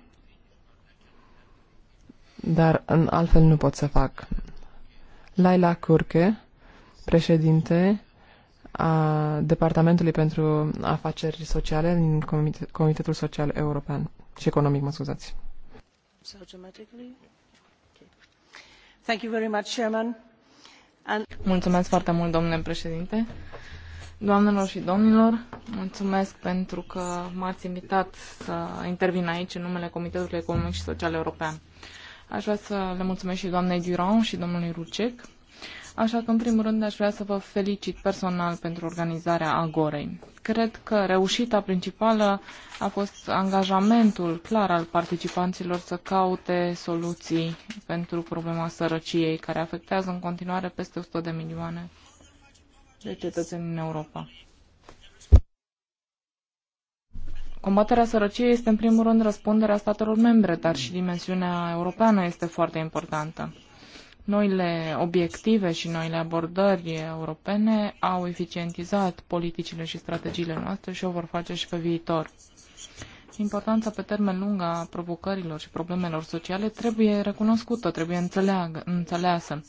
dar în altfel nu pot să fac. Laila Curche, președinte a Departamentului pentru Afaceri Sociale din Comite Comitetul Social European și Economic, mă scuzați. So, Thank you very much, Chairman. Mulțumesc foarte mult, domnule președinte. Doamnelor și domnilor, mulțumesc pentru că m-ați invitat să intervin aici în numele Comitetului Economic și Social European. Aș vrea să le mulțumesc și doamnei Durand și domnului Rucec Așa că, în primul rând, aș vrea să vă felicit personal pentru organizarea Agorei. Cred că reușita principală a fost angajamentul clar al participanților să caute soluții pentru problema sărăciei, care afectează în continuare peste 100 de milioane de cetățeni în Europa. Combaterea sărăciei este în primul rând răspunderea statelor membre, dar și dimensiunea europeană este foarte importantă. Noile obiective și noile abordări europene au eficientizat politicile și strategiile noastre și o vor face și pe viitor. Importanța pe termen lung a provocărilor și problemelor sociale trebuie recunoscută, trebuie înțeleagă, înțeleasă.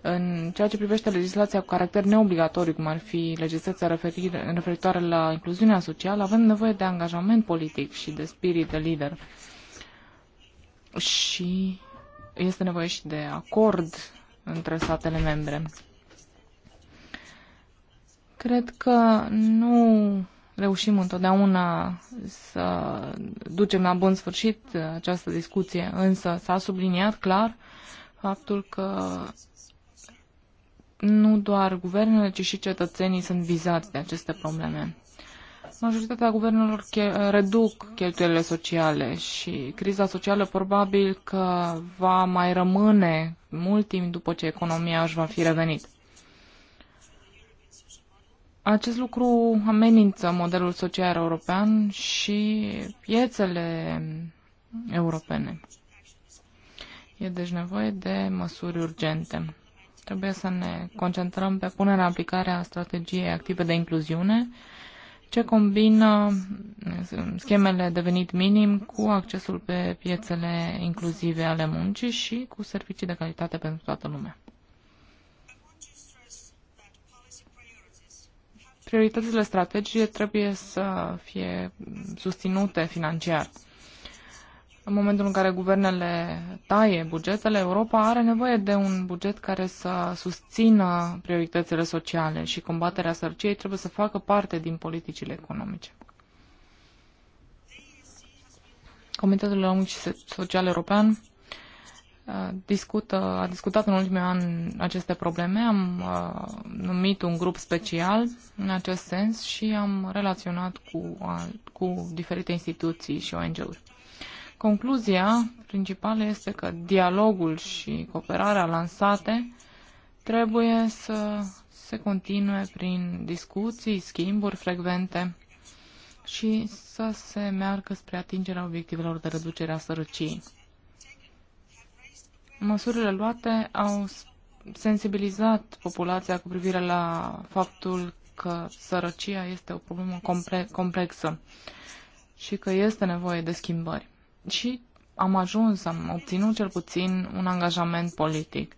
În ceea ce privește legislația cu caracter neobligatoriu, cum ar fi legislația referire, referitoare la incluziunea socială, avem nevoie de angajament politic și de spirit de lider. Și este nevoie și de acord între statele membre. Cred că nu reușim întotdeauna să ducem la bun sfârșit această discuție, însă s-a subliniat clar faptul că nu doar guvernele, ci și cetățenii sunt vizați de aceste probleme majoritatea guvernelor reduc cheltuielile sociale și criza socială probabil că va mai rămâne mult timp după ce economia își va fi revenit. Acest lucru amenință modelul social european și piețele europene. E deci nevoie de măsuri urgente. Trebuie să ne concentrăm pe punerea în aplicare a strategiei active de incluziune, ce combină uh, schemele de venit minim cu accesul pe piețele inclusive ale muncii și cu servicii de calitate pentru toată lumea. Prioritățile strategice trebuie să fie susținute financiar. În momentul în care guvernele taie bugetele, Europa are nevoie de un buget care să susțină prioritățile sociale și combaterea sărciei trebuie să facă parte din politicile economice. Comitetul Economic și Social European uh, discută, a discutat în ultimii ani aceste probleme. Am uh, numit un grup special în acest sens și am relaționat cu, uh, cu diferite instituții și ONG-uri. Concluzia principală este că dialogul și cooperarea lansate trebuie să se continue prin discuții, schimburi frecvente și să se meargă spre atingerea obiectivelor de reducere a sărăciei. Măsurile luate au sensibilizat populația cu privire la faptul că sărăcia este o problemă complexă și că este nevoie de schimbări și am ajuns, am obținut cel puțin un angajament politic.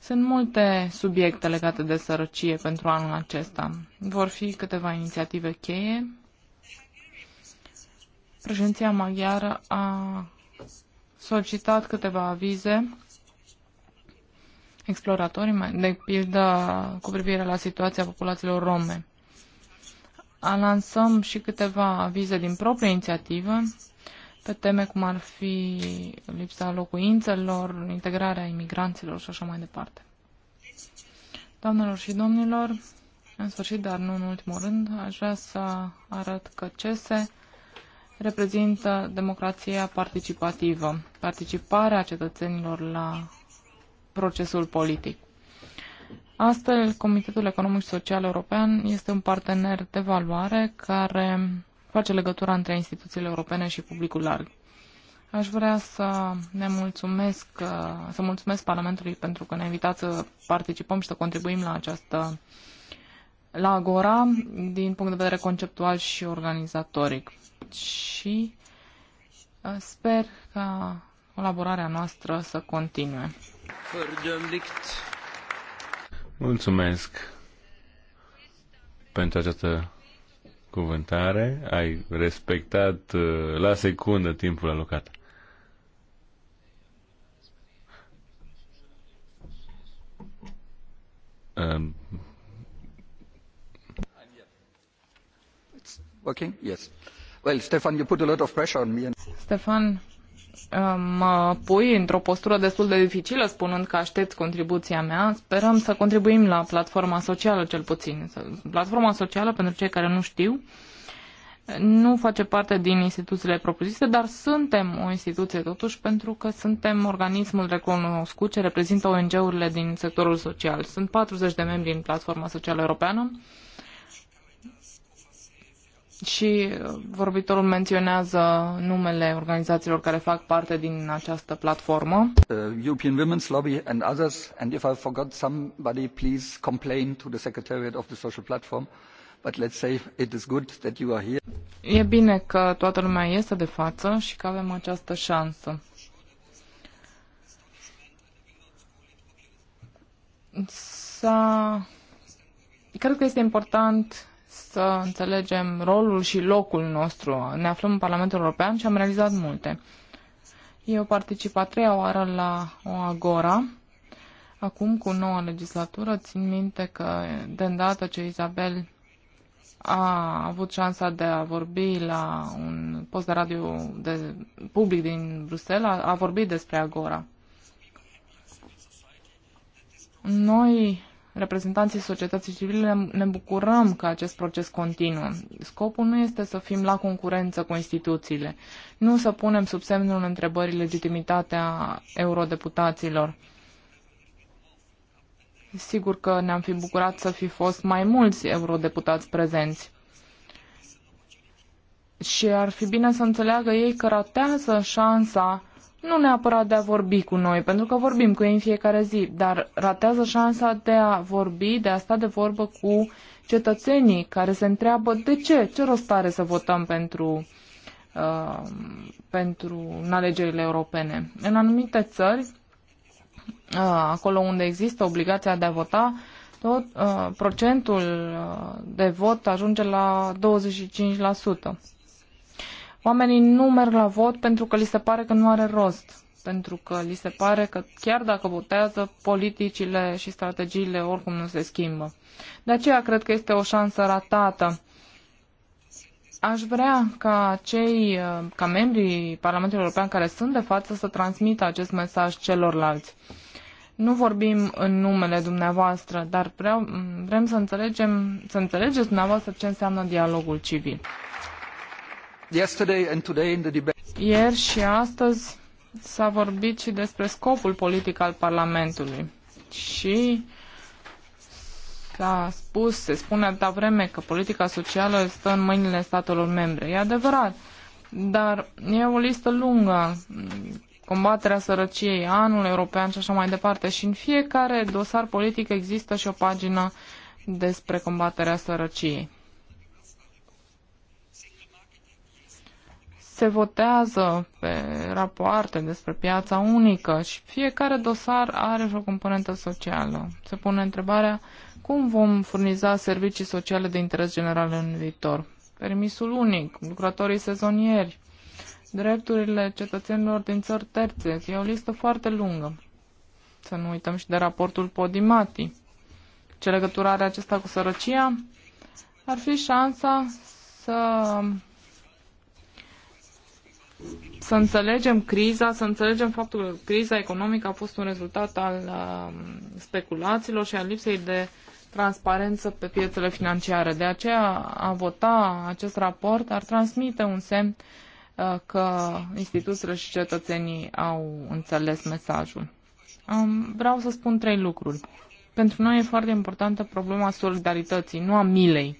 Sunt multe subiecte legate de sărăcie pentru anul acesta. Vor fi câteva inițiative cheie. Președinția maghiară a solicitat câteva avize exploratorii, de pildă cu privire la situația populațiilor rome. Lansăm și câteva avize din proprie inițiativă pe teme cum ar fi lipsa locuințelor, integrarea imigranților și așa mai departe. Doamnelor și domnilor, în sfârșit, dar nu în ultimul rând, aș vrea să arăt că CESE reprezintă democrația participativă, participarea cetățenilor la procesul politic. Astfel, Comitetul Economic și Social European este un partener de valoare care face legătura între instituțiile europene și publicul larg. Aș vrea să ne mulțumesc, să mulțumesc Parlamentului pentru că ne-a invitat să participăm și să contribuim la această la Agora din punct de vedere conceptual și organizatoric. Și uh, sper ca colaborarea noastră să continue. Mulțumesc pentru această cuvântare, ai respectat uh, la secundă timpul alocat. Um, It's working? Yes. Well, Stefan, you put a lot of pressure on me. And... Stefan, mă pui într-o postură destul de dificilă spunând că aștept contribuția mea. Sperăm să contribuim la platforma socială cel puțin. Platforma socială, pentru cei care nu știu, nu face parte din instituțiile propuse, dar suntem o instituție totuși pentru că suntem organismul recunoscut ce reprezintă ONG-urile din sectorul social. Sunt 40 de membri în Platforma Socială Europeană și uh, vorbitorul menționează numele organizațiilor care fac parte din această platformă. Uh, European Women's Lobby and others, and if I forgot somebody, please complain to the Secretariat of the Social Platform. But let's say it is good that you are here. E bine că toată lumea este de față și că avem această șansă. S-a... Cred că este important să înțelegem rolul și locul nostru. Ne aflăm în Parlamentul European și am realizat multe. Eu particip a treia oară la o agora. Acum, cu noua legislatură, țin minte că de îndată ce Isabel a avut șansa de a vorbi la un post de radio de public din Bruxelles, a, a vorbit despre Agora. Noi reprezentanții societății civile ne bucurăm că acest proces continuă. Scopul nu este să fim la concurență cu instituțiile, nu să punem sub semnul întrebării legitimitatea eurodeputaților. Sigur că ne-am fi bucurat să fi fost mai mulți eurodeputați prezenți. Și ar fi bine să înțeleagă ei că ratează șansa nu neapărat de a vorbi cu noi, pentru că vorbim cu ei în fiecare zi, dar ratează șansa de a vorbi, de a sta de vorbă cu cetățenii care se întreabă de ce, ce rost are să votăm pentru, uh, pentru alegerile europene. În anumite țări, uh, acolo unde există obligația de a vota, tot, uh, procentul uh, de vot ajunge la 25%. Oamenii nu merg la vot pentru că li se pare că nu are rost, pentru că li se pare că chiar dacă votează, politicile și strategiile oricum nu se schimbă. De aceea cred că este o șansă ratată. Aș vrea ca cei, ca membrii Parlamentului European care sunt de față să transmită acest mesaj celorlalți. Nu vorbim în numele dumneavoastră, dar vreau, vrem să înțelegem, să înțelegeți dumneavoastră ce înseamnă dialogul civil. Ieri și astăzi s-a vorbit și despre scopul politic al Parlamentului și s-a spus, se spune atâta vreme că politica socială stă în mâinile statelor membre. E adevărat, dar e o listă lungă, combaterea sărăciei, anul european și așa mai departe și în fiecare dosar politic există și o pagină despre combaterea sărăciei. se votează pe rapoarte despre piața unică și fiecare dosar are și o componentă socială. Se pune întrebarea cum vom furniza servicii sociale de interes general în viitor. Permisul unic, lucrătorii sezonieri, drepturile cetățenilor din țări terțe. E o listă foarte lungă. Să nu uităm și de raportul Podimati. Ce legătură are acesta cu sărăcia? Ar fi șansa să să înțelegem criza, să înțelegem faptul că criza economică a fost un rezultat al uh, speculațiilor și al lipsei de transparență pe piețele financiare. De aceea, a vota acest raport ar transmite un semn uh, că instituțiile și cetățenii au înțeles mesajul. Um, vreau să spun trei lucruri. Pentru noi e foarte importantă problema solidarității, nu a milei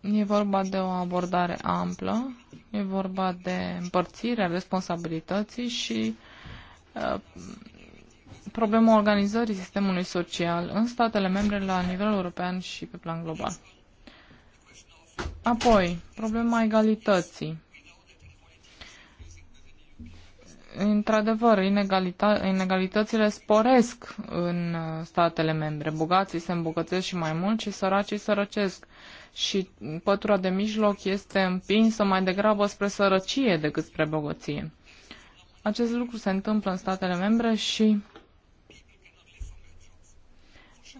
E vorba de o abordare amplă, e vorba de împărțirea responsabilității și uh, problema organizării sistemului social în statele membre la nivel european și pe plan global. Apoi, problema egalității. Într-adevăr, inegalita- inegalitățile sporesc în uh, statele membre. Bogații se îmbogățesc și mai mult și săracii sărăcesc. Și pătura de mijloc este împinsă mai degrabă spre sărăcie decât spre bogăție. Acest lucru se întâmplă în statele membre și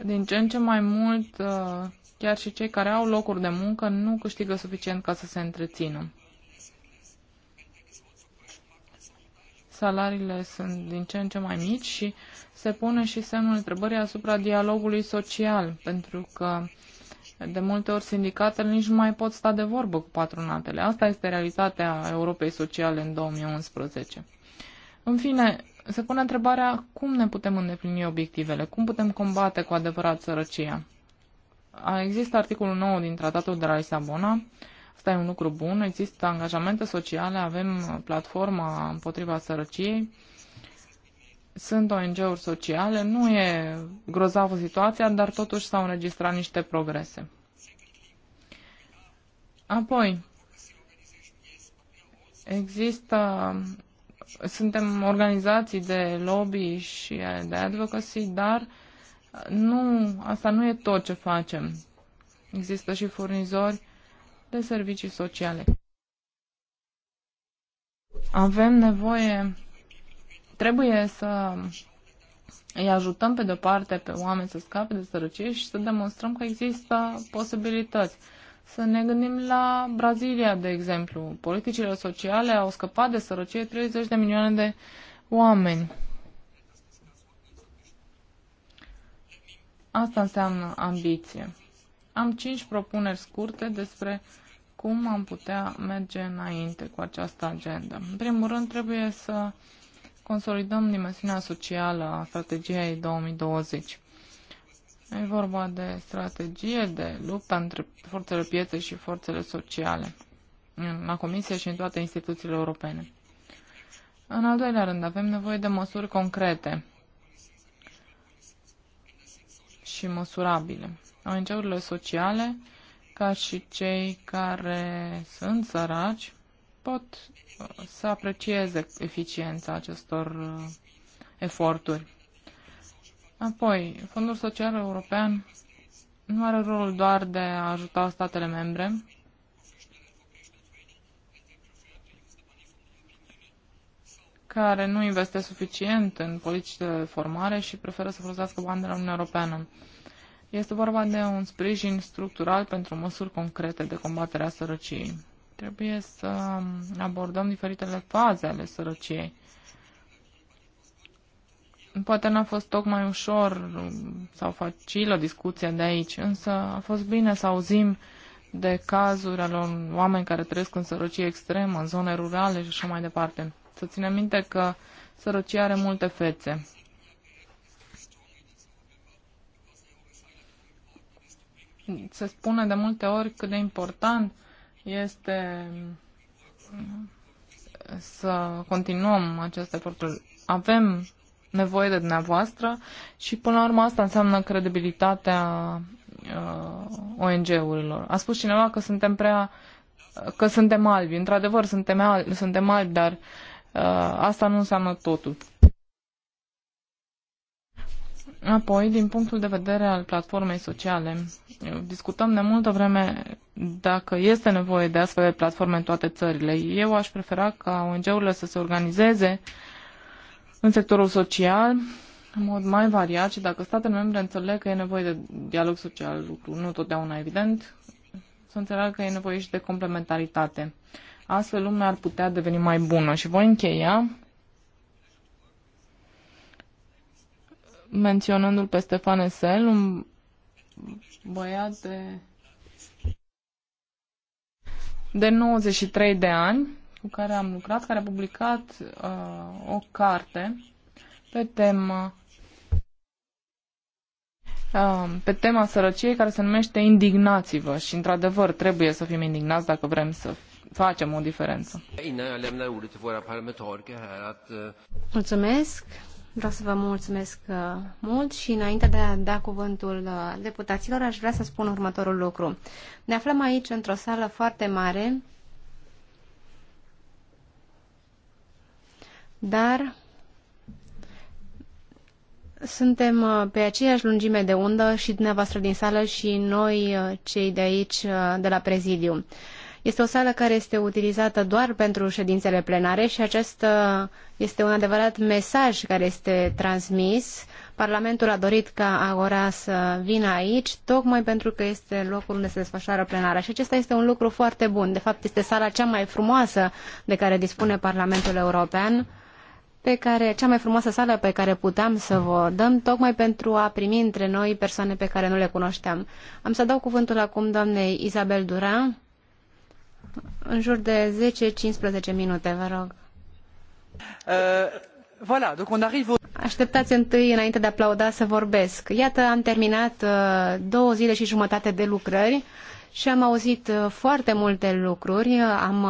din ce în ce mai mult, uh, chiar și cei care au locuri de muncă nu câștigă suficient ca să se întrețină. salariile sunt din ce în ce mai mici și se pune și semnul întrebării asupra dialogului social, pentru că de multe ori sindicatele nici nu mai pot sta de vorbă cu patronatele. Asta este realitatea Europei Sociale în 2011. În fine, se pune întrebarea cum ne putem îndeplini obiectivele, cum putem combate cu adevărat sărăcia. Există articolul 9 din Tratatul de la Lisabona, Asta e un lucru bun, există angajamente sociale, avem platforma împotriva sărăciei, sunt ONG-uri sociale, nu e grozavă situația, dar totuși s-au înregistrat niște progrese. Apoi, există, suntem organizații de lobby și de advocacy, dar nu, asta nu e tot ce facem. Există și furnizori de servicii sociale. Avem nevoie, trebuie să îi ajutăm pe de-o parte pe oameni să scape de sărăcie și să demonstrăm că există posibilități. Să ne gândim la Brazilia, de exemplu. Politicile sociale au scăpat de sărăcie 30 de milioane de oameni. Asta înseamnă ambiție. Am cinci propuneri scurte despre cum am putea merge înainte cu această agendă. În primul rând, trebuie să consolidăm dimensiunea socială a strategiei 2020. E vorba de strategie, de luptă între forțele pieței și forțele sociale la Comisie și în toate instituțiile europene. În al doilea rând, avem nevoie de măsuri concrete și măsurabile. ONG-urile sociale, ca și cei care sunt săraci, pot uh, să aprecieze eficiența acestor uh, eforturi. Apoi, Fondul Social European nu are rolul doar de a ajuta statele membre, care nu investesc suficient în politici de formare și preferă să folosească bani de la Uniunea Europeană. Este vorba de un sprijin structural pentru măsuri concrete de combatere a sărăciei. Trebuie să abordăm diferitele faze ale sărăciei. Poate n-a fost tocmai ușor sau facilă discuția de aici, însă a fost bine să auzim de cazuri ale oameni care trăiesc în sărăcie extremă, în zone rurale și așa mai departe. Să ținem minte că sărăcia are multe fețe se spune de multe ori cât de important este să continuăm acest efortul. Avem nevoie de dumneavoastră și până la urmă asta înseamnă credibilitatea uh, ONG-urilor. A spus cineva că suntem prea că suntem albi. Într-adevăr, suntem, albi, suntem albi, dar uh, asta nu înseamnă totul. Apoi, din punctul de vedere al platformei sociale, discutăm de multă vreme dacă este nevoie de astfel de platforme în toate țările. Eu aș prefera ca ONG-urile să se organizeze în sectorul social, în mod mai variat și dacă statele membre înțeleg că e nevoie de dialog social, lucru nu totdeauna evident, să înțeleagă că e nevoie și de complementaritate. Astfel lumea ar putea deveni mai bună. Și voi încheia menționându-l pe Stefan Esel, un băiat de, de 93 de ani cu care am lucrat, care a publicat uh, o carte pe tema uh, pe tema sărăciei care se numește Indignați-vă și într-adevăr trebuie să fim indignați dacă vrem să facem o diferență. Uh, Mulțumesc! Vreau să vă mulțumesc uh, mult și înainte de a da cuvântul uh, deputaților, aș vrea să spun următorul lucru. Ne aflăm aici într-o sală foarte mare, dar suntem uh, pe aceeași lungime de undă și dumneavoastră din sală și noi, cei de aici, de la prezidiu. Este o sală care este utilizată doar pentru ședințele plenare și acesta este un adevărat mesaj care este transmis. Parlamentul a dorit ca Agora să vină aici, tocmai pentru că este locul unde se desfășoară plenara și acesta este un lucru foarte bun. De fapt, este sala cea mai frumoasă de care dispune Parlamentul European pe care, cea mai frumoasă sală pe care puteam să vă dăm, tocmai pentru a primi între noi persoane pe care nu le cunoșteam. Am să dau cuvântul acum doamnei Isabel Duran, în jur de 10-15 minute, vă rog. Uh, voilà, donc on arrive au... Așteptați întâi, înainte de a aplauda, să vorbesc. Iată, am terminat uh, două zile și jumătate de lucrări și am auzit uh, foarte multe lucruri, am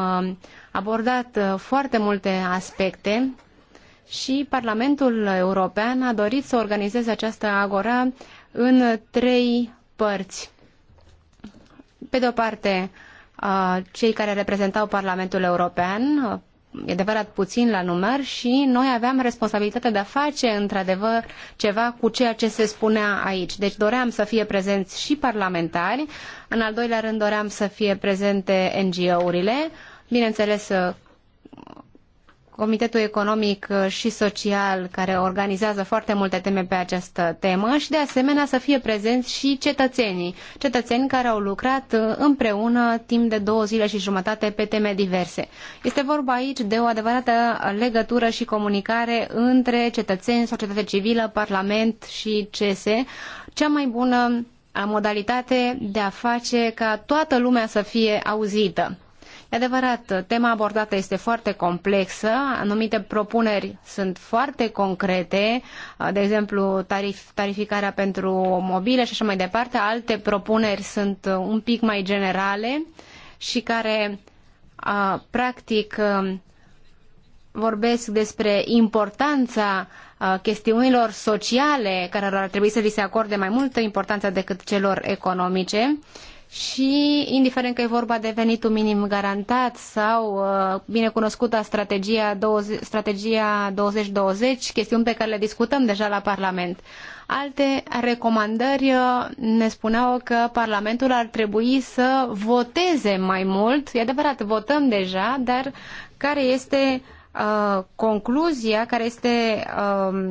abordat foarte multe aspecte și Parlamentul European a dorit să organizeze această agora în trei părți. Pe de o parte, cei care reprezentau Parlamentul European, e adevărat puțin la număr, și noi aveam responsabilitatea de a face într-adevăr ceva cu ceea ce se spunea aici. Deci doream să fie prezenți și parlamentari, în al doilea rând doream să fie prezente NGO-urile, bineînțeles Comitetul Economic și Social, care organizează foarte multe teme pe această temă și de asemenea să fie prezenți și cetățenii, cetățeni care au lucrat împreună timp de două zile și jumătate pe teme diverse. Este vorba aici de o adevărată legătură și comunicare între cetățeni, societate civilă, Parlament și CESE, cea mai bună modalitate de a face ca toată lumea să fie auzită. E adevărat, tema abordată este foarte complexă, anumite propuneri sunt foarte concrete, de exemplu tarif, tarificarea pentru mobile și așa mai departe, alte propuneri sunt un pic mai generale și care practic vorbesc despre importanța chestiunilor sociale care ar trebui să li se acorde mai multă importanță decât celor economice și, indiferent că e vorba de venitul minim garantat sau uh, binecunoscuta strategia 20, strategia 2020, chestiuni pe care le discutăm deja la Parlament. Alte recomandări uh, ne spuneau că Parlamentul ar trebui să voteze mai mult. E adevărat, votăm deja, dar care este uh, concluzia, care este uh,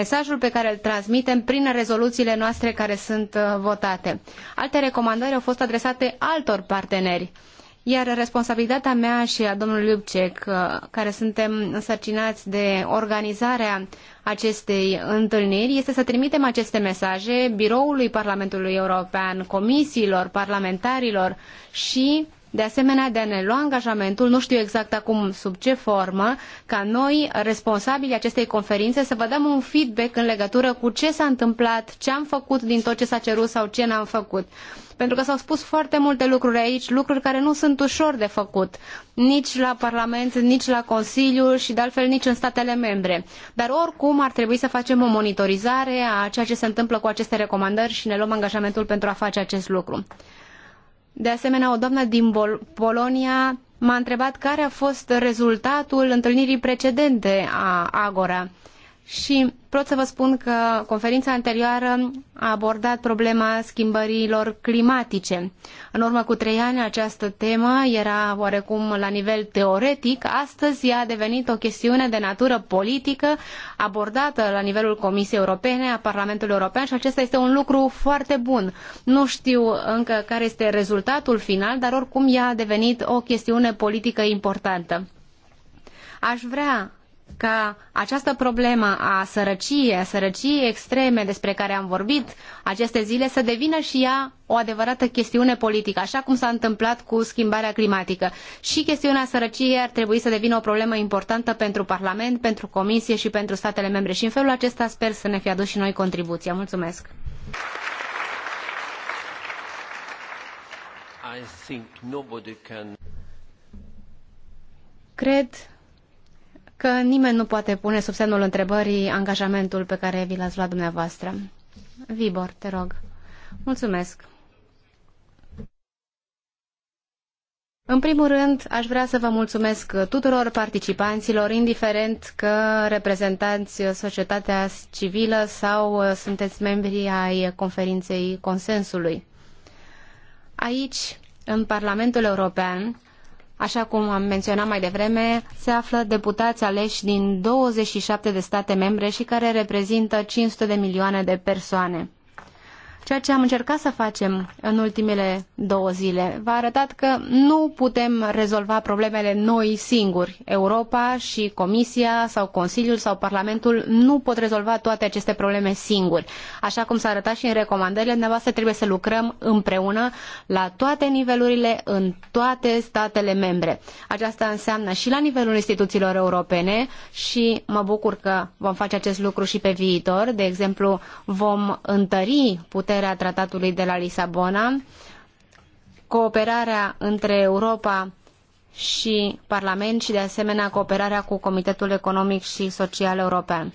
mesajul pe care îl transmitem prin rezoluțiile noastre care sunt uh, votate. Alte recomandări au fost adresate altor parteneri. Iar responsabilitatea mea și a domnului Lupcek, uh, care suntem însărcinați de organizarea acestei întâlniri, este să trimitem aceste mesaje biroului Parlamentului European, comisiilor, parlamentarilor și de asemenea de a ne lua angajamentul, nu știu exact acum sub ce formă, ca noi, responsabili acestei conferințe, să vă dăm un feedback în legătură cu ce s-a întâmplat, ce am făcut din tot ce s-a cerut sau ce n-am făcut. Pentru că s-au spus foarte multe lucruri aici, lucruri care nu sunt ușor de făcut, nici la Parlament, nici la Consiliu și de altfel nici în statele membre. Dar oricum ar trebui să facem o monitorizare a ceea ce se întâmplă cu aceste recomandări și ne luăm angajamentul pentru a face acest lucru. De asemenea, o doamnă din Bol Polonia m-a întrebat care a fost rezultatul întâlnirii precedente a Agora. Și pot să vă spun că conferința anterioară a abordat problema schimbărilor climatice. În urmă cu trei ani această temă era oarecum la nivel teoretic, astăzi ea a devenit o chestiune de natură politică abordată la nivelul Comisiei Europene, a Parlamentului European și acesta este un lucru foarte bun. Nu știu încă care este rezultatul final, dar oricum ea a devenit o chestiune politică importantă. Aș vrea că această problemă a sărăciei, a sărăciei extreme despre care am vorbit aceste zile, să devină și ea o adevărată chestiune politică, așa cum s-a întâmplat cu schimbarea climatică. Și chestiunea sărăciei ar trebui să devină o problemă importantă pentru Parlament, pentru Comisie și pentru statele membre. Și în felul acesta sper să ne fi adus și noi contribuția. Mulțumesc! Cred că nimeni nu poate pune sub semnul întrebării angajamentul pe care vi l-ați luat dumneavoastră. Vibor, te rog. Mulțumesc. În primul rând, aș vrea să vă mulțumesc tuturor participanților, indiferent că reprezentați societatea civilă sau sunteți membri ai conferinței consensului. Aici, în Parlamentul European, Așa cum am menționat mai devreme, se află deputați aleși din 27 de state membre și care reprezintă 500 de milioane de persoane. Ceea ce am încercat să facem în ultimele două zile v-a arătat că nu putem rezolva problemele noi singuri. Europa și Comisia sau Consiliul sau Parlamentul nu pot rezolva toate aceste probleme singuri. Așa cum s-a arătat și în recomandările dumneavoastră, trebuie să lucrăm împreună la toate nivelurile, în toate statele membre. Aceasta înseamnă și la nivelul instituțiilor europene și mă bucur că vom face acest lucru și pe viitor. De exemplu, vom întări puterea puterea tratatului de la Lisabona, cooperarea între Europa și Parlament și de asemenea cooperarea cu Comitetul Economic și Social European.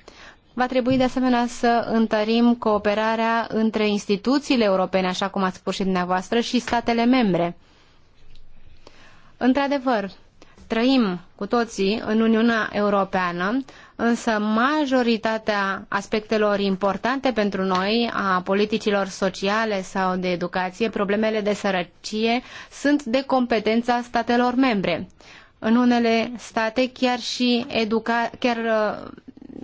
Va trebui de asemenea să întărim cooperarea între instituțiile europene, așa cum ați spus și dumneavoastră, și statele membre. Într-adevăr, trăim cu toții în Uniunea Europeană, însă majoritatea aspectelor importante pentru noi, a politicilor sociale sau de educație, problemele de sărăcie, sunt de competența statelor membre. În unele state chiar și educa chiar uh,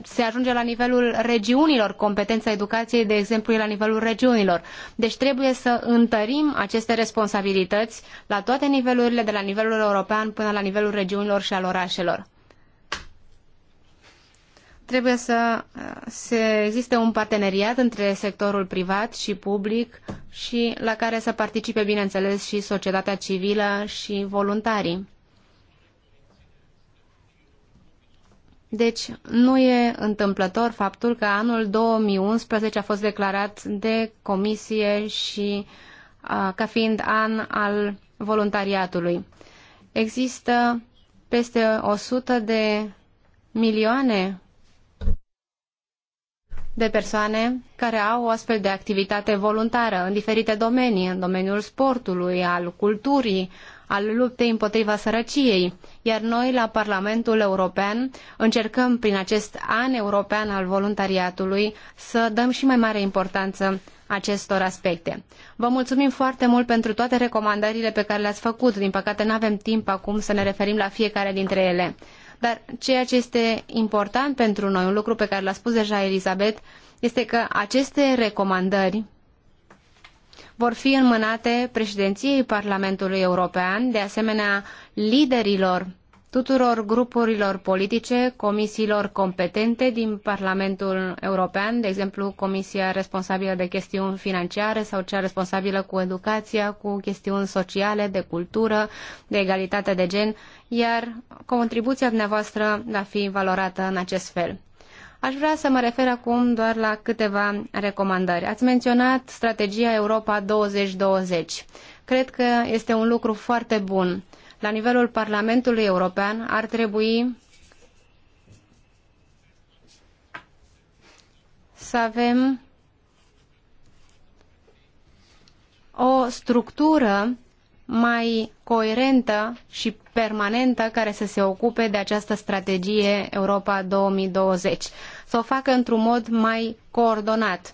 se ajunge la nivelul regiunilor, competența educației, de exemplu, e la nivelul regiunilor. Deci trebuie să întărim aceste responsabilități la toate nivelurile, de la nivelul european până la nivelul regiunilor și al orașelor trebuie să uh, se existe un parteneriat între sectorul privat și public și la care să participe, bineînțeles, și societatea civilă și voluntarii. Deci, nu e întâmplător faptul că anul 2011 a fost declarat de comisie și uh, ca fiind an al voluntariatului. Există peste 100 de milioane de persoane care au o astfel de activitate voluntară în diferite domenii, în domeniul sportului, al culturii, al luptei împotriva sărăciei. Iar noi, la Parlamentul European, încercăm prin acest an european al voluntariatului să dăm și mai mare importanță acestor aspecte. Vă mulțumim foarte mult pentru toate recomandările pe care le-ați făcut. Din păcate, nu avem timp acum să ne referim la fiecare dintre ele. Dar ceea ce este important pentru noi, un lucru pe care l-a spus deja Elizabeth, este că aceste recomandări vor fi înmânate președinției Parlamentului European, de asemenea liderilor tuturor grupurilor politice, comisiilor competente din Parlamentul European, de exemplu Comisia responsabilă de chestiuni financiare sau cea responsabilă cu educația, cu chestiuni sociale, de cultură, de egalitate de gen, iar contribuția dumneavoastră va fi valorată în acest fel. Aș vrea să mă refer acum doar la câteva recomandări. Ați menționat strategia Europa 2020. Cred că este un lucru foarte bun la nivelul Parlamentului European ar trebui să avem o structură mai coerentă și permanentă care să se ocupe de această strategie Europa 2020. Să o facă într-un mod mai coordonat.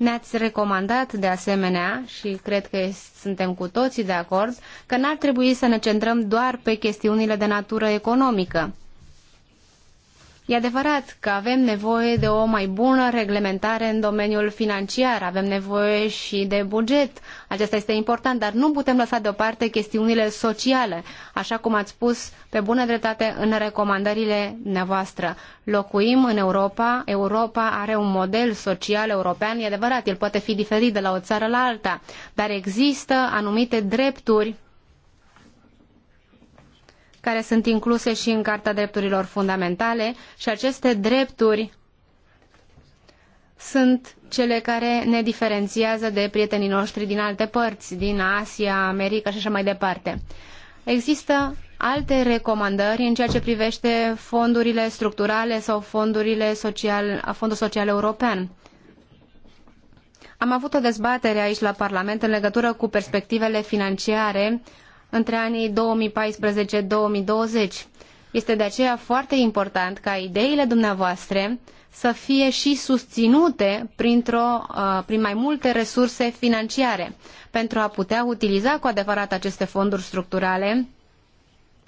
Ne-ați recomandat de asemenea, și cred că suntem cu toții de acord, că n-ar trebui să ne centrăm doar pe chestiunile de natură economică. E adevărat că avem nevoie de o mai bună reglementare în domeniul financiar, avem nevoie și de buget. Acesta este important, dar nu putem lăsa deoparte chestiunile sociale, așa cum ați spus pe bună dreptate în recomandările noastre. Locuim în Europa, Europa are un model social european, e adevărat, el poate fi diferit de la o țară la alta, dar există anumite drepturi care sunt incluse și în Carta Drepturilor Fundamentale și aceste drepturi sunt cele care ne diferențiază de prietenii noștri din alte părți, din Asia, America și așa mai departe. Există alte recomandări în ceea ce privește fondurile structurale sau fondurile social, Fondul Social European. Am avut o dezbatere aici la Parlament în legătură cu perspectivele financiare între anii 2014-2020. Este de aceea foarte important ca ideile dumneavoastră să fie și susținute printr-o, uh, prin mai multe resurse financiare pentru a putea utiliza cu adevărat aceste fonduri structurale,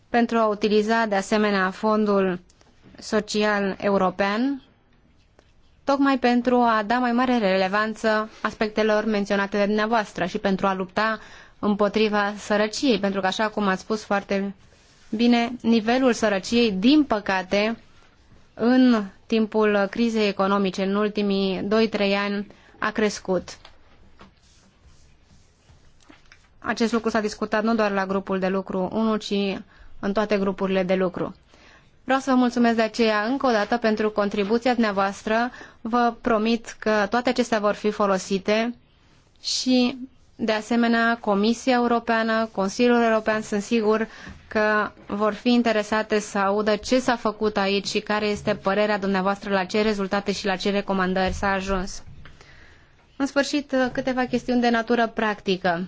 pentru a utiliza de asemenea fondul social european, tocmai pentru a da mai mare relevanță aspectelor menționate de dumneavoastră și pentru a lupta împotriva sărăciei, pentru că, așa cum ați spus foarte bine, nivelul sărăciei, din păcate, în timpul crizei economice, în ultimii 2-3 ani, a crescut. Acest lucru s-a discutat nu doar la grupul de lucru 1, ci în toate grupurile de lucru. Vreau să vă mulțumesc de aceea încă o dată pentru contribuția dumneavoastră. Vă promit că toate acestea vor fi folosite și de asemenea, Comisia Europeană, Consiliul European sunt sigur că vor fi interesate să audă ce s-a făcut aici și care este părerea dumneavoastră la ce rezultate și la ce recomandări s-a ajuns. În sfârșit, câteva chestiuni de natură practică.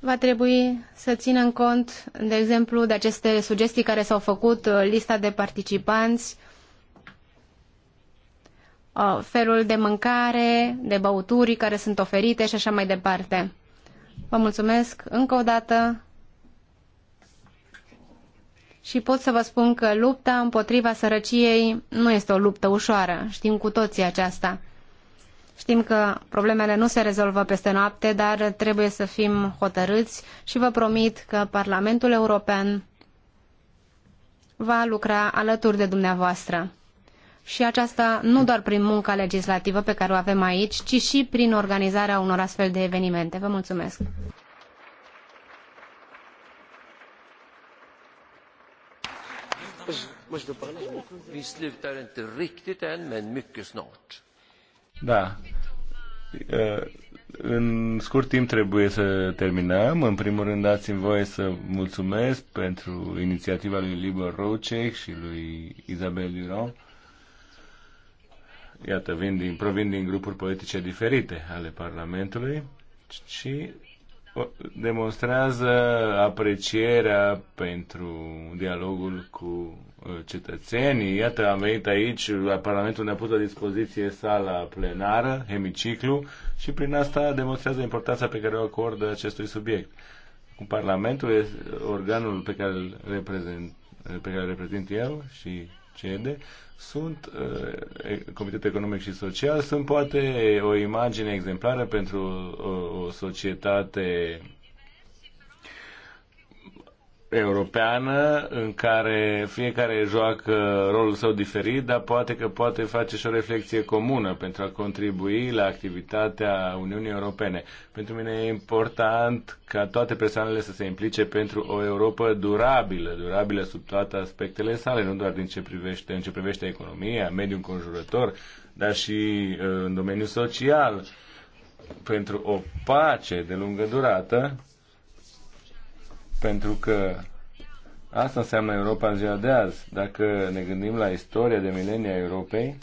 Va trebui să în cont, de exemplu, de aceste sugestii care s-au făcut, lista de participanți, uh, Uh, felul de mâncare, de băuturi care sunt oferite și așa mai departe. Vă mulțumesc încă o dată și pot să vă spun că lupta împotriva sărăciei nu este o luptă ușoară. Știm cu toții aceasta. Știm că problemele nu se rezolvă peste noapte, dar trebuie să fim hotărâți și vă promit că Parlamentul European va lucra alături de dumneavoastră și aceasta nu doar prin munca legislativă pe care o avem aici, ci și prin organizarea unor astfel de evenimente. Vă mulțumesc! Da. În scurt timp trebuie să terminăm. În primul rând dați-mi voie să mulțumesc pentru inițiativa lui Libor Rocek și lui Isabel Durand iată, vin din, provin din grupuri politice diferite ale Parlamentului și demonstrează aprecierea pentru dialogul cu uh, cetățenii. Iată, am venit aici, la Parlamentul ne-a pus la dispoziție sala plenară, hemiciclu, și prin asta demonstrează importanța pe care o acordă acestui subiect. Parlamentul este organul pe care îl reprezint, pe care îl reprezint eu și cede, sunt uh, Comitetul Economic și Social, sunt poate o imagine exemplară pentru uh, o societate europeană în care fiecare joacă rolul său diferit, dar poate că poate face și o reflexie comună pentru a contribui la activitatea Uniunii Europene. Pentru mine e important ca toate persoanele să se implice pentru o Europa durabilă, durabilă sub toate aspectele sale, nu doar din ce privește, în ce privește economia, mediul înconjurător, dar și uh, în domeniul social, pentru o pace de lungă durată pentru că asta înseamnă Europa în ziua de azi. Dacă ne gândim la istoria de milenii a Europei,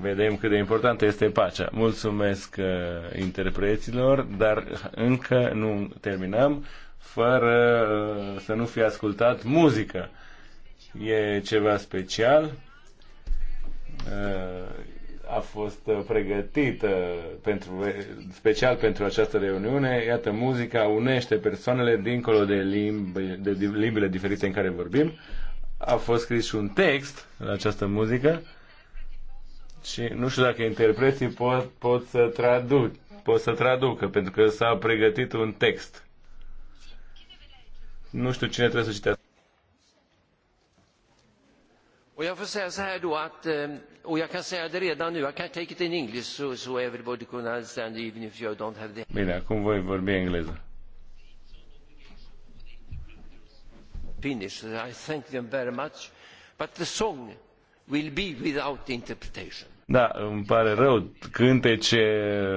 vedem cât de importantă este pacea. Mulțumesc uh, interpreților, dar încă nu terminăm fără uh, să nu fie ascultat muzică. E ceva special. Uh, a fost uh, pregătită pentru, eh, special pentru această reuniune. Iată, muzica unește persoanele dincolo de, limbi, de limbile diferite în care vorbim. A fost scris și un text la această muzică și nu știu dacă interpreții pot, pot să traduc, pot să traducă, pentru că s-a pregătit un text. Nu știu cine trebuie să citească. Och jag får säga så här då att, eh, och jag kan säga det redan nu, I can take it in English so, so everybody can understand even if you don't have the... Bine, acum voi vorbi engleză. Finish, I thank them very much, but the song will be without interpretation. Da, îmi pare rău. Cântece,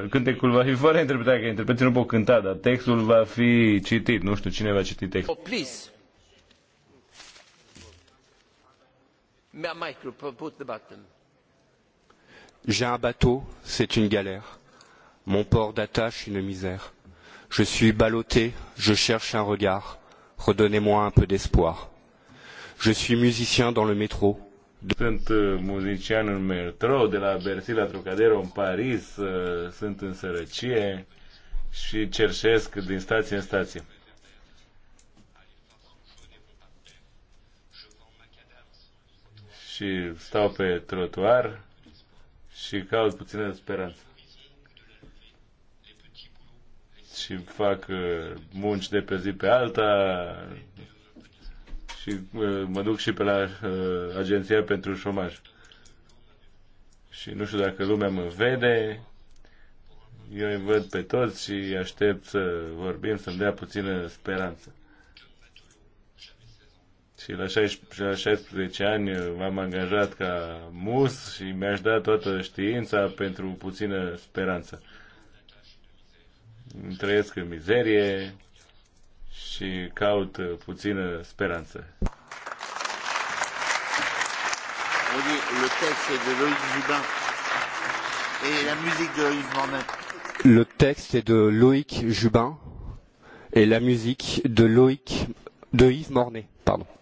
cântecul va fi fără interpretare, că interpreții nu pot cânta, dar textul va fi citit. Nu știu cine va citi textul. Oh, please. J'ai un bateau, c'est une galère. Mon port d'attache, une misère. Je suis ballotté, je cherche un regard. Redonnez-moi un peu d'espoir. Je suis musicien dans le métro. Sunt uh, muzician în metro, de la Bercy la Trocadero în Paris, uh, sunt în sărăcie și cerșesc din stație în stație. și stau pe trotuar și caut puțină speranță. Și fac uh, munci de pe zi pe alta și uh, mă duc și pe la uh, agenția pentru șomaj. Și nu știu dacă lumea mă vede, eu îi văd pe toți și aștept să vorbim, să-mi dea puțină speranță și la, 16, la 16 ani m-am angajat ca mus și mi-aș da toată știința pentru puțină speranță. Trăiesc în mizerie și caut puțină speranță. Le texte de Loïc Jubin et la musique de Yves Mornet. Le texte est de Loïc Jubin et la musique de Loïc de Yves Mornet, pardon.